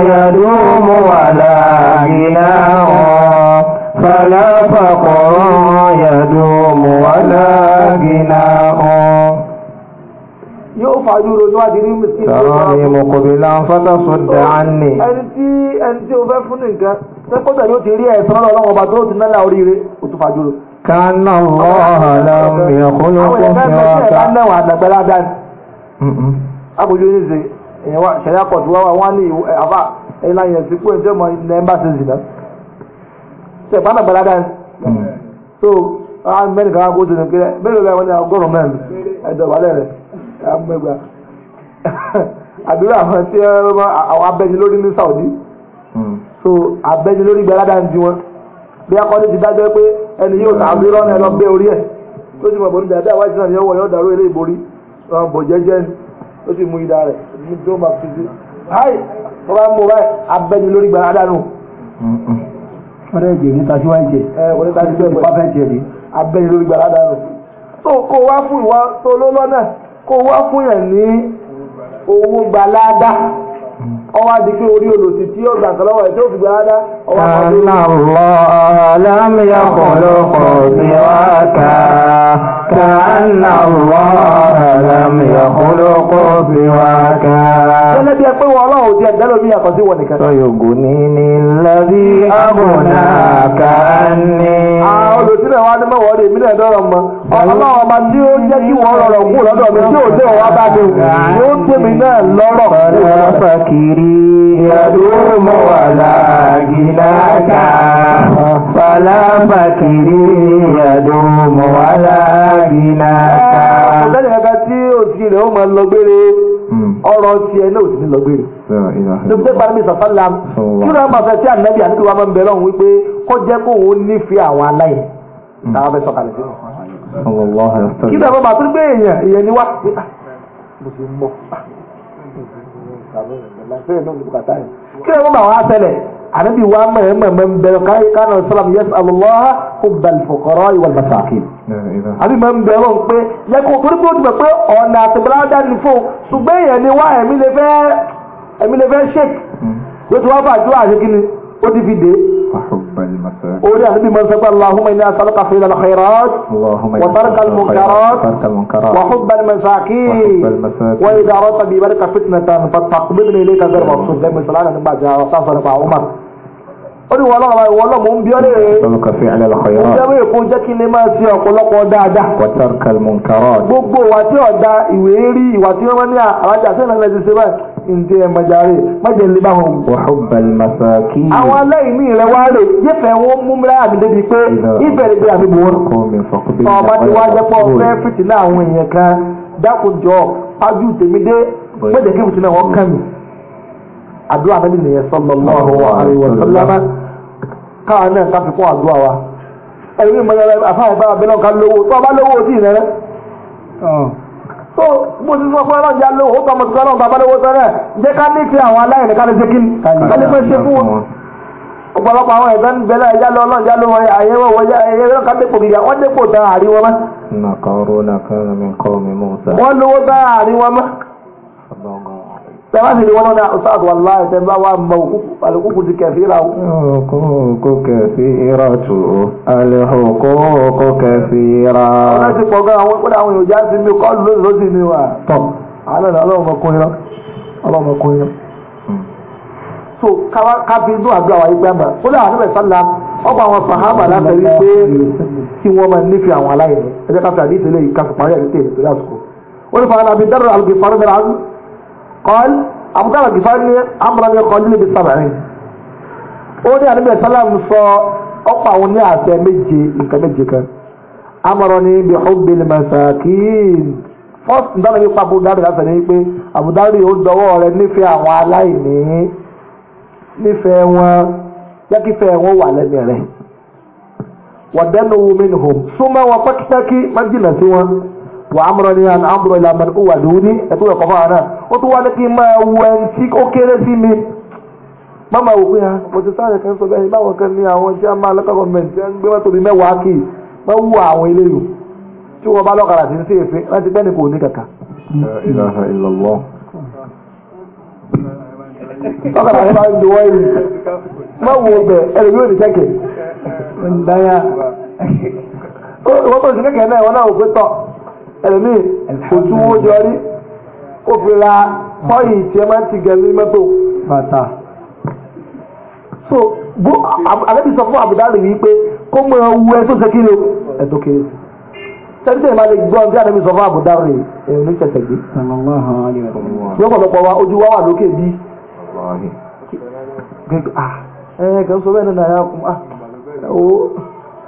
S1: يدوم ولا غنى فلا فقر يدوم ولا غنى fàájúro tó wà di ní mùsùlùmí. sọ̀rọ̀ mi mo kò bí láǹfààní sọ̀dà á nì. ẹni tí ẹni tí o fẹ́ fún nìkan sẹ́kọ̀tà yóò ti rí ẹ̀sán lọ́dọ̀ ọlọ́run ọba tó ti nálà oríire o tún fàájúro. kánà lọ́hà lámì ẹ̀kúnlẹ̀ fún mi ọ̀gá. àbójú ní ṣe èèyàn wa ṣẹlẹ̀ àkọsí wá ní àbá ẹ̀yìn láyìn ẹ̀sìn kú ẹ̀jẹ̀ mọ ilẹ̀ ẹ̀mbàṣẹ̀ zìnà. ṣèpá náà gbalaga ni. Mm. so àwọn mẹ́rin á ní ọgọ́rùn-ún amẹ́gbà àdúrà àwọn tí àwọn abẹ́nilórí ní Saudi hmm. so abẹ́nilórí gbẹ ládàá ń di wọn bí akọ́ni ti dájọ́ pé ẹni yóò tà bí rọ́nà ẹ lọ bẹ́ orí ẹ̀ tó ti mọ̀ bọ̀ nígbà tí àwọn ìṣẹ̀lẹ̀ yẹn wọ̀ yọ̀ dàrú eré ìborí bò jẹ́jẹ́ ni ó sì mú idà rẹ̀ ní tó máa fi sí háì wọ́n bá ń mú báyìí abẹ́nilórí gbẹ ládàá nù. Hmm. wọ́n rẹ̀ jẹ̀ níta síwájú jẹ̀ ẹ̀ wọ́n níta síwájú jẹ̀ abẹ́nilórí gbẹ so kó wá kó wá fún ní owó gbalada ọwọ́ adìpé orí olòṣì tí ó gbàǹkan lọ́wọ́ ẹ̀ tí ó fi gbalada. أن الله لم يخلق سواك كأن الله لم يخلق سواك الذي يقول الله جل بي يقصونك سيغنيني الذي أغناك عني أعوذ بالله وأنا ما وري من الدرم ọlọ́run ọba tí ó jẹ́ kí wọ́n rọrọ̀ kú lọ́dọ̀ mi tí ò dé ọ̀wá bá dé yóò tèmi náà lọ́rọ̀ kú. ọ̀rẹ́ fàkìrì ìyàdó mọ́wàlá gíní. فداك فلا فكري يدوم ولا جناك ọ̀sẹ́ni ẹ̀ka tí òsì rẹ̀ ó máa lọ gbére hmm. ọ̀rọ̀ tiẹ̀ náà òsì ní lọ gbére. nígbà tí pàdé sàfàlà kí ló máa fẹ́ sí ànábì àti ìwà máa ń bẹ̀rẹ̀ ọ̀hún wípé kó jẹ́ kó òun nífẹ̀ẹ́ àwọn aláìní hmm. táwọn fẹ́ sọ̀kalẹ̀ sí. kí ló máa bá gbé èèyàn èèyàn ni wá. mo làfẹ́ náà ní bùkátà yẹn kí ló ń bá wọn àtẹlẹ ànábì wa mọ̀ẹ́mọ̀ẹ́mọ̀ ń bẹ̀rẹ̀ káyé kánà sọ́làm yẹ́sì alùlọ́hà kó bẹ̀lì fòkọ̀rọ̀ ìwà lọ́sàkì. àbí mọ̀ ń bẹ̀rẹ̀ pé yẹ kó torí pé ó ti bẹ̀ pé ọ̀nà àtìbọ̀lá dá ní fún ṣùgbọ́n èèyàn ni wá ẹ̀mí lè fẹ́ ṣèkì ló hmm. ti wá fàájú àṣekínni ó ti fi dé. orí àdébí mọ̀ sọ́kpà Allahumma inni as'aluka fil khairat wa tarka al-munkarat wa hubba al-masakin wa idha arata bi barika fitnatan fataqbidni ilayka ghayra maghsub lẹ́yìn sọ́lá àti nígbà jà ọ̀sán sọ́nà pa Umar. ó ní wọ́n lọ́wọ́ ìwọ lọ́mọ ń bíọ́ léèrè. as'aluka fi'la al-khairat. ìjọba wọ́n máa ní àwájà sẹ́yìn náà lè ndị ẹ̀ mọ̀járe mọ̀jẹ̀ ń lè bá wọn. wà á bal masakin. àwọn aláìní rẹ wá rè yífẹ̀ wọn ọba tí wàá jẹ́ pọ̀ fẹ́ fìtìlá àwọn èèyàn kan dákunjọ pájú tèmídé mọ̀jẹ̀ kí fìtìlá wọn kàn mí. àdúrà mẹ́lì nìyẹn sallallahu so mo ti sọ fún ọlọ́jà lówó ó tọmọ sọ́nà bàbá lówó sọ́nà jẹ́ ká ní ti àwọn aláìní ká lè jẹ́ kí ká lè fẹ́ ṣe fún wọn. ọ̀pọ̀lọpọ̀ àwọn ẹ̀fẹ́ ń bẹ̀rẹ̀ ẹ̀yà lọ ọlọ́jà lówó ayé wọ̀ wọ́n ayé wọ́n ká dépò gíga wọ́n dépò tán àárín wọn mọ́.
S2: nàkàrọ̀ nàkàrọ̀ mi kọ́ mi mú sa. wọ́n
S1: lówó tán àárín wọn mọ́. tẹ́wọ́n sì ni wọ́n lọ́dà ọ̀sáàtù aláì tẹ́bá wà mọ̀ alùkùkù ti kẹfìrà o.
S2: alùkùkù
S1: kẹfìrà tù ó alùkùkù kẹfìrà. ọ̀nà ti pọ̀ gan-an wọ́n àwọn èèyàn já sí mi kọ́ lóṣù lóṣù mi wà. tọ́ àlọ́ ni ọlọ́mọkùnrin lọ ọlọ́mọkùnrin lọ. Hmm. so kábí inú àdúrà wa yìí gbàgbà ó dà àdúrà sálà ọgbà àwọn sàhábà látàrí pé kí wọ́n máa nífẹ̀ẹ́ àwọn aláìní ẹ̀jẹ̀ káfíà ní ìtẹ̀lé yìí káfíà parí àdìtẹ̀ ìtẹ̀lé àsìkò. ó ní fàánà àbí dárò àlùkè قال أبو بكر الجفاري أمرا يقال لي بالسبعين ó ní àníbẹ̀ sọ ọ̀pọ̀ àwọn ní àṣẹ méje nǹkan méje kan amọ̀rọ̀ ní bí hubbil masakin first ndọ́nà yípa abudari láti ní pé abudari ó dọwọ́ rẹ nífẹ̀ẹ́ àwọn wa á mọ̀rọ̀ ní àná àmúrò ìlànà ó wà lóní ẹ̀tọ́ ẹ̀kọ́ fún àná ó tún wá ní kí kere máa wọ ẹni tí ó kéré sí mi má máa wò ah, kan sọ bẹ́ẹ̀ báwọn ma ní àwọn tí a máa lọ́kọ̀ bi mewa wọ́n gbé mọ́tò awon ile kì í má wú àwọn ilé yòó tí wọ́n bá lọ́kàrà ni wọ́n yìí má wo ẹ̀rọ yóò wọ́n tó kẹ́kẹ́ náà wọ́n ẹlòmíì kò túwó jọrí ó fi ra tọ́yì tí ẹ máa ń ti gẹ̀ẹ́lì mọ́tò bàtà. so bó àlẹ́bí sọ fún àbùdá rè wípé kó mọ ewu ẹ tó ṣe kí ni o ẹ tó kéré sí sẹ́ni tẹ̀lé máa lè gbọ́ bí àlẹ́bí sọ fún àbùdá rè èèyàn ní tẹ̀tẹ̀ gbé. yóò pọ̀lọpọ̀ wa ojú wa wà lókè bí. Ah, ẹ sọ bẹ́ẹ̀ ni nàá ah, oh.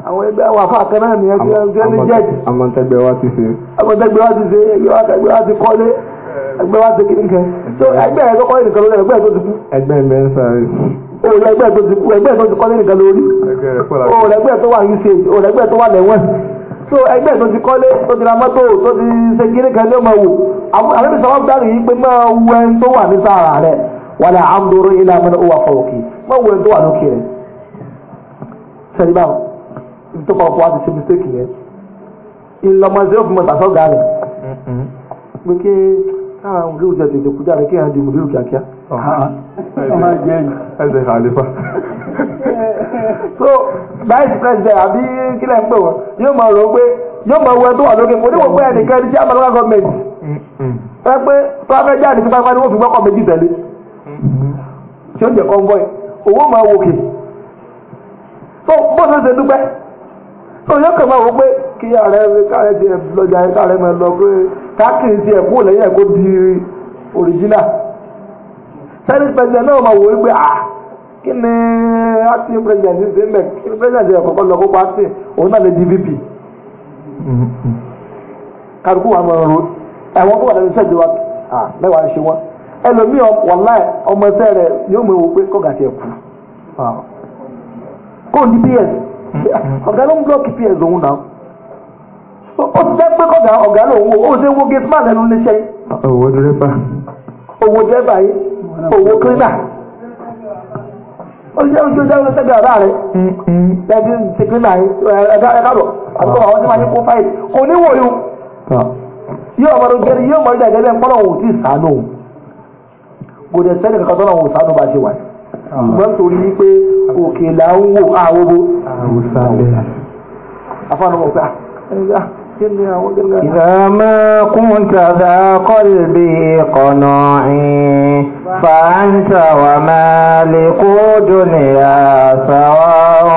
S1: àwọn ẹgbẹ́ àwọn àfa kan náà nìyẹn tí wọ́n ní wa ti ṣe.
S2: amọ̀ntẹ́gbẹ́ wa ti
S1: ṣe ẹgbẹ́ wa ti kọ́lé ẹgbẹ́ wa ti kẹ. so ẹgbẹ́ yẹn tó kọ́lé lórí ẹgbẹ́ tó ti kú. ẹgbẹ́ mi ń sáré. òòlù ẹgbẹ́ tó ti kú ẹgbẹ́ tó ti kọ́lé nìkan lórí. òòlù ẹgbẹ́ tó wà so ẹgbẹ́ tó ti kọ́lé tó ti ra mọ́tò tó ti ṣe kiri kan ní ọmọ wò. àwọn gbàgbé ibi tó kọ̀ọ̀kọ̀ wá ti ṣe mistake yẹn ìlọmọ zero fi mọ tàṣọ gà rẹ̀ de kí káà ń ríru jẹjẹ ìjòkú jáde kí àjò ìmúlò é? ẹsẹ̀ àlefa. so vice president àbí kílẹ̀ ń pè wọ́n yóò máa rò ó pé yóò máa wọ ẹtọ́ wà lókè mo ní wọ́n pé ẹnìkan ẹni tí a me lọ́wọ́ gọ́ọ̀mẹ̀ntì ẹ pé private jáde fún pápá ni wọ́n fi gbọ́kọ̀ méjì tẹ̀lé tí ó jẹ́ convoy owó máa wòkè so bó ṣe ṣe dúpẹ́ òyìn kan máa wọ pé kí ààrẹ káàrẹ tiẹ̀ lọ́jà yẹn káàrẹ máa lọ pé káàkiri tiẹ̀ kú lẹ́yìn ẹ̀kọ́ di òrìjínà senate president náà máa wọ pé ah kí ni acting president ti ṣe ń bẹ̀ kí ni president ti ọ̀kọ̀ọ̀kan lọ kópa sí òun náà lè di vp kálukú wa máa ro ẹ̀wọ̀n tó wà lẹ́nu iṣẹ́ ìjọba mẹ́wàá ṣe wọ́n ẹlòmíì wàlá ọmọ ẹsẹ̀ rẹ̀ yóò mú ewu pé kọ́gà tiẹ̀ kú kó ní ps. ọ̀gá ló ń blọ́ọ̀kì ps òun náà ó ti jẹ́ pé kọ̀gá ọ̀gá ló ń wo ó man lẹ́nu iléeṣẹ́
S2: owó dírẹ́bà
S1: owó dírẹ́bà yìí owó kílínà ó ṣe ojú ìjọba ló sẹ́gbẹ̀ẹ́ ọ̀dá rẹ̀ lẹ́bi ti kílínà yìí ẹ̀ka lọ àbúrò àwọn tí wọ́n ti kó fáìlì kò ní wòyó yóò mọ̀ gẹ́gẹ́ yóò mọ̀ gẹ́gẹ́ bẹ́ẹ̀ kọ́lọ̀ òun ṣùgbọ́n torí wípé òkè là ń wò ما كنت ذا قلبي قناعي فأنت ومالك دنيا سواء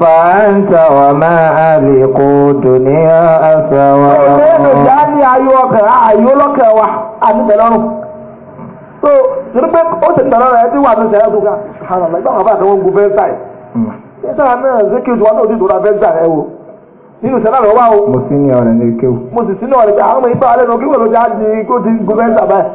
S1: فأنت ومالك دنيا سواء torí pé ó ti tẹ̀lé rẹ̀ tí wà ní sẹ́yà tó ká won lẹ́gbẹ́ àwọn àbáyé wọn gun fẹ́ńsà yìí fẹ́ńsà náà ṣé kí oṣù wa náà ti dòra fẹ́ńsà rẹ̀ wò nínú sẹ́yà o. mo sì ní ọ̀rẹ́ ní kéwù. mo sì sí ní ọ̀rẹ́ pé àwọn ọmọ ibà alẹ́ nù kí wọ́n lọ jáde kó ti gun fẹ́ńsà báyìí.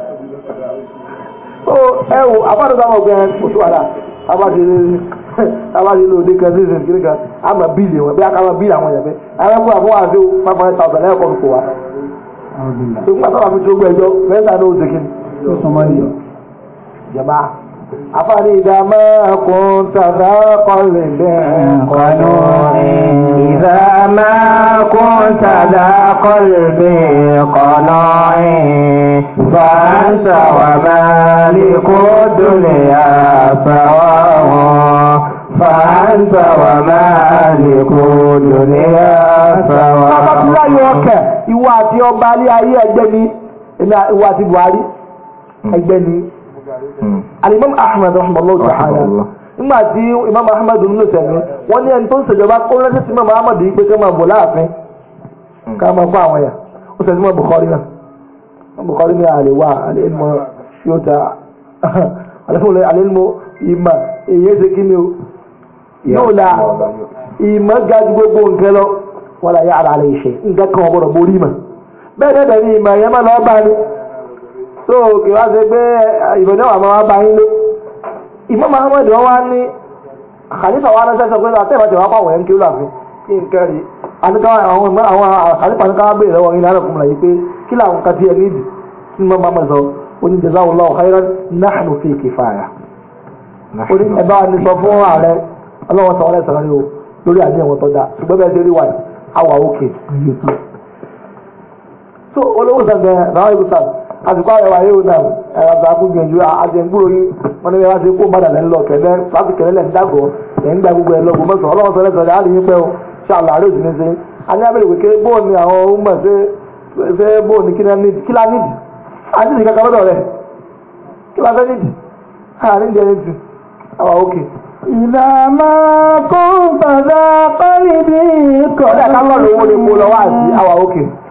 S1: ama aka ma jẹba afárí ìdámẹ́ ẹkùn tàbí kọlì bẹ́ẹ̀ kọ́nù ìdámẹ́ ẹkùn tàbí kọlì bẹ́ẹ̀ kọ́nù fàáṣà wà máa lè kó dùnlé àfẹ́wọ́ wọn fàáṣà wà máa lè kó dùnlé àfẹ́wọ́ wọn. bàbá tí láyé ọkẹ̀ ìwà àti ọba alé ayé ẹgbẹ́ ni ìwà àti Buhari ẹgbẹ́ ni. Hmm. alimami ahmed rahmanahu ta'ala nígbà tí imam ahmed ń lò sẹ́mi wọ́n ní ẹni tó ń ṣèjọba kó ránṣẹ́ sí imam ahmed yìí pé ká máa bò láàfin hmm. ká máa fún àwọn yà ó sẹ́ni mọ́ bukhari náà o yóò la ìmọ̀ ga ju gbogbo lọ wọ́n la yára àlè nǹkan kan tó òkè wá ṣe pé eh, ìbẹ̀dẹ̀ wà máa bá yín lé ìmọ̀ Muhammad wọn wá ní àkàlífà wa ránṣẹ́ sọ pé àtẹ́ ìbàjẹ́ wà pàwọ̀ ẹ̀ ń kí ó láàfin kí n kẹ́rì àwọn àkàlífà ní káwá béèrè lọ́wọ́ yín lára fún mi láyé pé kí làwọn kan ti ẹ̀ nídìí tí mo máa sọ oní jazakallahu khairan nahnu fi kifaya oní ẹ bá ní sọ fún ààrẹ ọlọ́wọ́ sọ wọn lẹ́sàn-án lórí àdéhùn tó dáa ṣùgbọ́n bẹ́ẹ̀ ṣe rí wáyé àwà òkè yìí so olówó sàgbẹ̀ náà ibùsà àsìkò àyẹ̀wò àyẹ̀wò náà ẹ̀rọ àkú gbìyànjú àjẹ́ ńgbúrò yín wọn ni wọ́n ti kó padà lẹ́nu lọ kẹ̀lẹ́ láti kẹ̀lẹ́ lẹ́nu dàgọ̀ ẹ̀ ń gba gbogbo ẹ̀ sọ yín o ṣàlà àrẹ òsì ní ṣe àní abẹ́rẹ́ wèké bóun ni àwọn ọmọ ṣe ṣe bóun ni kílá nídìí kílá nídìí kankan lọ́dọ̀ kílá fẹ́ nídìí a ìlà máa kó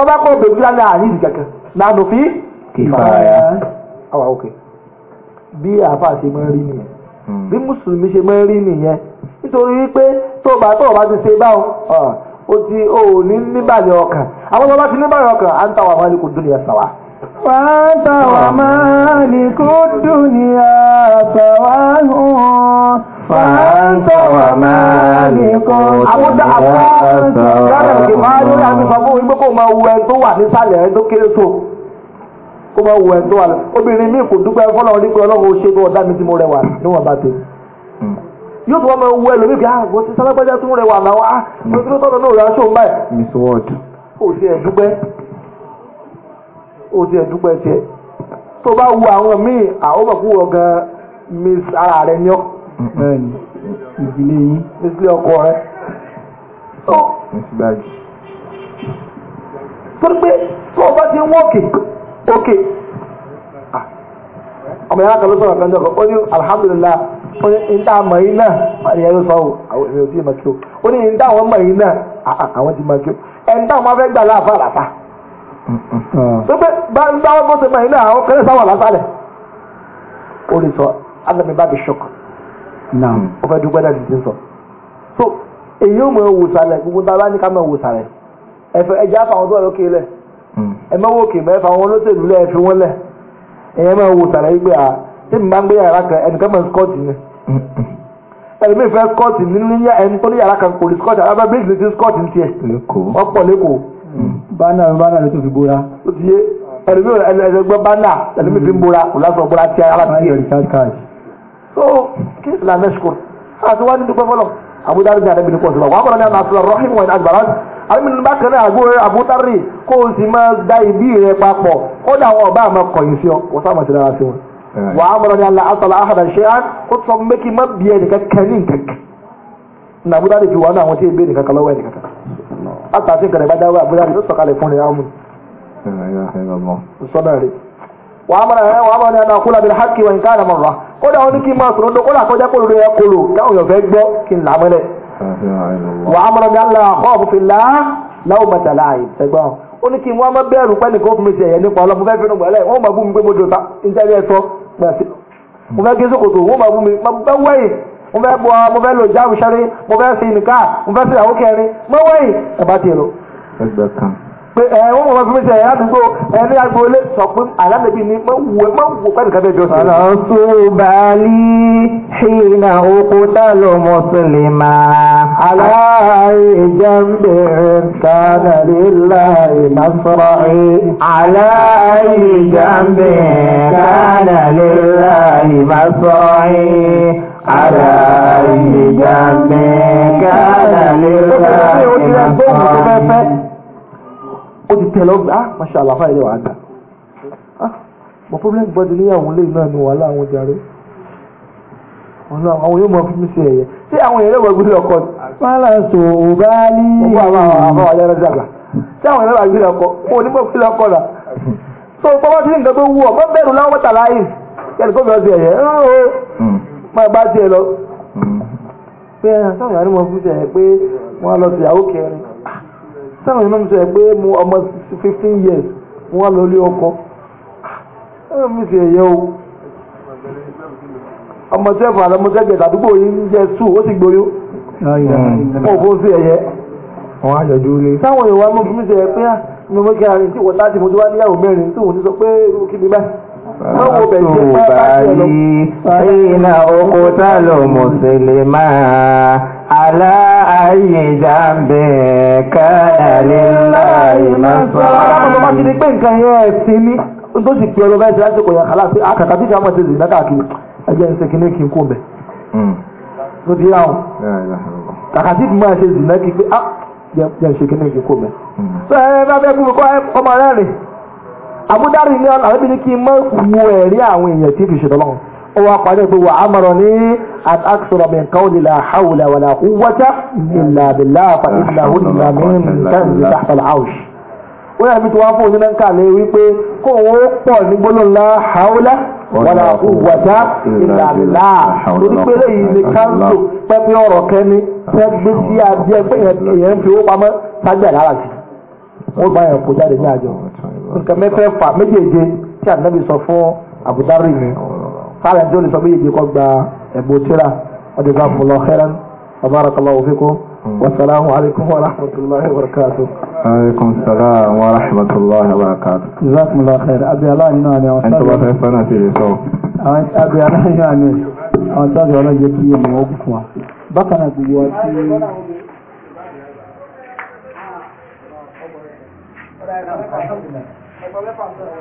S1: tọ́ba kọ́ bèbí lánàá àríyìn kankan nánú fi kìfàyà àwà ah, òkè bí àáfà ṣe máa ń rí nìyẹn hmm. bí mùsùlùmí ṣe máa ń rí nìyẹn nítorí wípé tó bá tó bá ti ṣe báwọn ó ti ò ní níbàlẹ̀ ọkàn àwọn tó bá ti níbàlẹ̀ ọkàn à ń tàwọn àmọ́ ẹnìkú dúnìyà sàwà. fàtàwà máa ní kó dúnìyà sàwà hàn fàáńtà wà máa nìkan àmúdá àfáàntì gánà òkè máa ń lórí àti fàbó wípé kó máa wu ẹni tó wà nísàlẹ̀ ẹni tó kéré so kó máa wu ẹni tó wà lẹ obìnrin mi kò dúpẹ́ fọlọ́run nípa ọlọ́run ó ṣe bí ọ̀dá mi tí mo rẹwà níwọ̀n bá ti yóò tún wá máa wu ẹlòmíì kí àgbo ti sálágbájá tún rẹwà làwọn á lọ́dún tó lọ́nà òrà ṣó ń báyìí. miss word. ó ti ẹ̀ dúpẹ́ ó ti ẹ̀ dúpẹ́ tiẹ̀ tó bá wu àwọn míì àwọn ọmọkùnrin gan miss ara rẹ̀ ni ọ́.
S2: bẹ́ẹ̀ni ìdílé
S1: yín. ìdílé ọkọ rẹ. torí pé tó o bá ti ń wọ́ òkè òkè ọmọ yàrá kan ló sọ̀rọ̀ kan jọ̀kọ̀ ó ní alhamdulillah ó ní ìta àmọ̀ yìí náà àti ẹ̀rọ sọ̀rọ̀ àwọn èmi ò tí ì máa kí o ó ní ìta àwọn ọmọ yìí náà àwọn ti máa kí o ẹni táwọn máa gbà láàfà pé bó ṣe mọ̀ yìí náà àwọn ọfẹ hmm. dúpẹ́ náà ti sọ so èyí ò mọ ewu sàlẹ̀ gbogbo tá a bá ní ká mọ ewu sàlẹ̀ ẹfẹ ẹjẹ afa àwọn tó wà lókè lẹ hmm. ẹ mọ wò kèmẹ ẹfẹ àwọn olóṣèlú lẹ ẹfi wọn lẹ ẹyẹ mọ ewu sàlẹ̀ yìí gbé a tí mi máa ń gbé yàrá kan ẹnìkan mọ skọọti ni ẹlòmíì fẹ́ skọọti nínú yíyá ẹni tó ní yàrá kan kò ní skọọti alábẹ bíríkì ló ti skọọti tiẹ̀ ọ̀pọ̀ lẹ́kọ̀ọ́. bánà hmm. bánà ló tún fi bóra. ó ti yé ẹlòmíì ẹlẹgbẹ bánà ẹlòmíì fi ń bóra kò lásán bóra tí ara ti yẹ so kita la nashkur àti wá ní dúpẹ́ fọlọ́ àbúdárí ní àdébìnrin pọ̀ sí wa wà á kọ́ ní àwọn àṣùlọ rọ́hìn wọn àgbàrá àbí mi bá kẹ́lẹ́ àbúdárì kó o sì máa da ìbí rẹ papọ̀ kódà àwọn ọba àmọ́ kọ̀yìn sí ọ wọ́n sábà ti dára sí wọn. wà á mọ̀rọ̀ ní àlà àtàlà àhàdà ṣe á kó sọ mékì má bí ẹnì kankan ní nkankan ní àbúdárì fi wà ní Abu tí ì bí ẹnì kankan lọ́wọ́ ẹnì kankan. àtàtì nǹkan ìbá dáwọ́ àbúdárì ó sọ̀kalẹ̀ fún ìyá ọmọ. sọ́dọ̀ rẹ̀ wà á mọ̀rọ̀ ní àlà kódà wọn ní kí n máa sọ̀rọ̀ dọ́ kódà kọjá kóló yẹ kóló káwọn èèyàn fẹ́ gbọ́ kí n là mọ́lẹ̀. wà á mọ̀rọ̀ gán la ọ̀hún fi là á láwọn bàtà láàyè ẹgbọ́n ó ní kí n wọ́n má bẹ̀rù pẹ́ nìkan fún mi ṣe ẹ̀yẹ nípa ọlọ́mọ fẹ́ fínú gbọ́lẹ̀ wọ́n máa bú mi pé mo dòta nítorí ẹ̀tọ́ mo fẹ́ gé sókòtò wọ́n máa bú mi mo fẹ́ wẹ̀yìn mo fẹ́ bọ́ mo fẹ́ lò jáwé sẹ́rí mo fẹ́ fi nìkan pé ẹ wọ́n mọ̀ fún mi sẹ́ ẹ ládùúgbò ẹ ní agboolé sọ pé àlámẹ́bí ni mọ̀ wù ẹ mọ̀ wù pẹ́ nìkan bẹ́ẹ̀ bí ọ̀sẹ̀. ọ̀nà ṣùgbọ́n ṣìnà oko tá ló mùsùlùmá. aláàyè jẹ́ǹbẹ̀ kánà lílá ìnásọ́rọ̀ yìí. aláàyè jẹ́ǹbẹ̀ kánà lílá ìnásọ́rọ̀ yìí. aláàyè jẹ́ǹbẹ̀ kánà lílá ìnásọ́rọ̀ yìí ó ti tẹ̀ lọ́gbà á máṣe àlàfà ilé wàá ta mọ̀ problem gbọ́dọ̀ níyàwó lẹ́yìn náà ni wàhálà àwọn jàre àwọn yóò mọ fún mi sí ẹ̀yẹ tí àwọn èèyàn lọ́wọ́ gbúdọ̀ ọkọ wàhálà sọ báálí ọkọ àwọn àwọn àwọn ayára dàgbà tí àwọn èèyàn lọ́wọ́ gbúdọ̀ ọkọ mo ò ní mọ̀ fílẹ̀ ọkọ rà so bọ́wọ́ sí nǹkan tó wù ọ́ bọ́ bẹ̀rù láwọn mọ́tàlá yìí kẹ́ni kó bẹ̀rù sí ẹ̀yẹ ńlọ́wọ́ hmm. máa bá tiẹ̀ lọ pé sáwọn èèyàn ní mọ̀ fún mi sí ẹ̀yẹ pé wọ́n á lọ sí ìyàwó kẹrin sáwọn ìmọ̀ mi sọ pé mo ọmọ fifteen years wọ́n lọ lé ọkọ ah, ẹ̀rọ mi sì ẹ̀yẹ o ọmọ tẹ́fà lọmọ tẹ́gbẹ̀ẹ́ àdúgbò yìí ń jẹ sùn ó sì gboyó wọn ò fún sí ẹ̀yẹ wọn á jọ dúró sáwọn ìwà ah, mọ̀ fún mi sọ pé ní mo kí àárín tí wọ́n tá ti mo ti wá níyàwó mẹ́rin tí wọ́n ti sọ pé kí ni báyìí Báyìí, fàyínà okòtà lọ mùsùlùmá. على أي ذنب كان لله مسؤولا tó sì pé ọlọ́bẹ̀ ẹ̀sẹ̀ lásìkò yẹn kàlá sí àkàtà tí kàmọ́ ti zìnà káàkiri ẹgbẹ́ ẹ̀sẹ̀ kìíní kì í kó bẹ̀. tó ti yà wọn kàkà tí kìíní ẹ̀sẹ̀ zìnà kì í pé ah ẹ̀sẹ̀ kìíní kì í kó bẹ̀. sọ ẹ bá bẹ kú kọ ọmọ rẹ rè abúdárì ní ọ̀nà àbẹ́bí ni kí n mọ̀ wo ẹ̀rí àwọn èèyàn tí kì í ṣe tọ́lọ́run ó wá parí pé wà á mọ̀rọ̀ ní àtàkùsọ̀rọ̀ mi nǹkan òde là hàwùlà wà là kúwọ́tà ìlà àbílà àfà ìlà òdìlà mi nǹkan ìlà àfàlà àwùj. ó yàrá mi tí wọ́n fún òní náà ń kàlẹ́ wípé kó wọ́n pọ̀ ní gbólóńlá hàwùlà wà là kúwọ́tà ìlà àbílà torí pé lẹ́yìn ní káńtò pẹ́pẹ́ ọ̀rọ̀ kẹ́ni tẹ́gbẹ́ sí abẹ́ pé èèyàn fi owó pamọ́ sájà lára jù sáàlẹ̀ tó lè sọ bí ìgbìkọ́ gba ẹ̀bùn tíra ọdún fúnlọ khairan barakallahu fikum wasalaamu alaykum wa rahmatulahi wa barakatu.
S2: aleykum salaam wa rahmatulahi wa barakatu.
S1: jazakumullah khair abi aláàánú náà ni àwọn sọ́ọ̀dì. ẹni tó bá fẹ́ fẹ́ràn sí ìsọ. abi fún wa. bákan náà gbogbo wa tí.
S2: Thank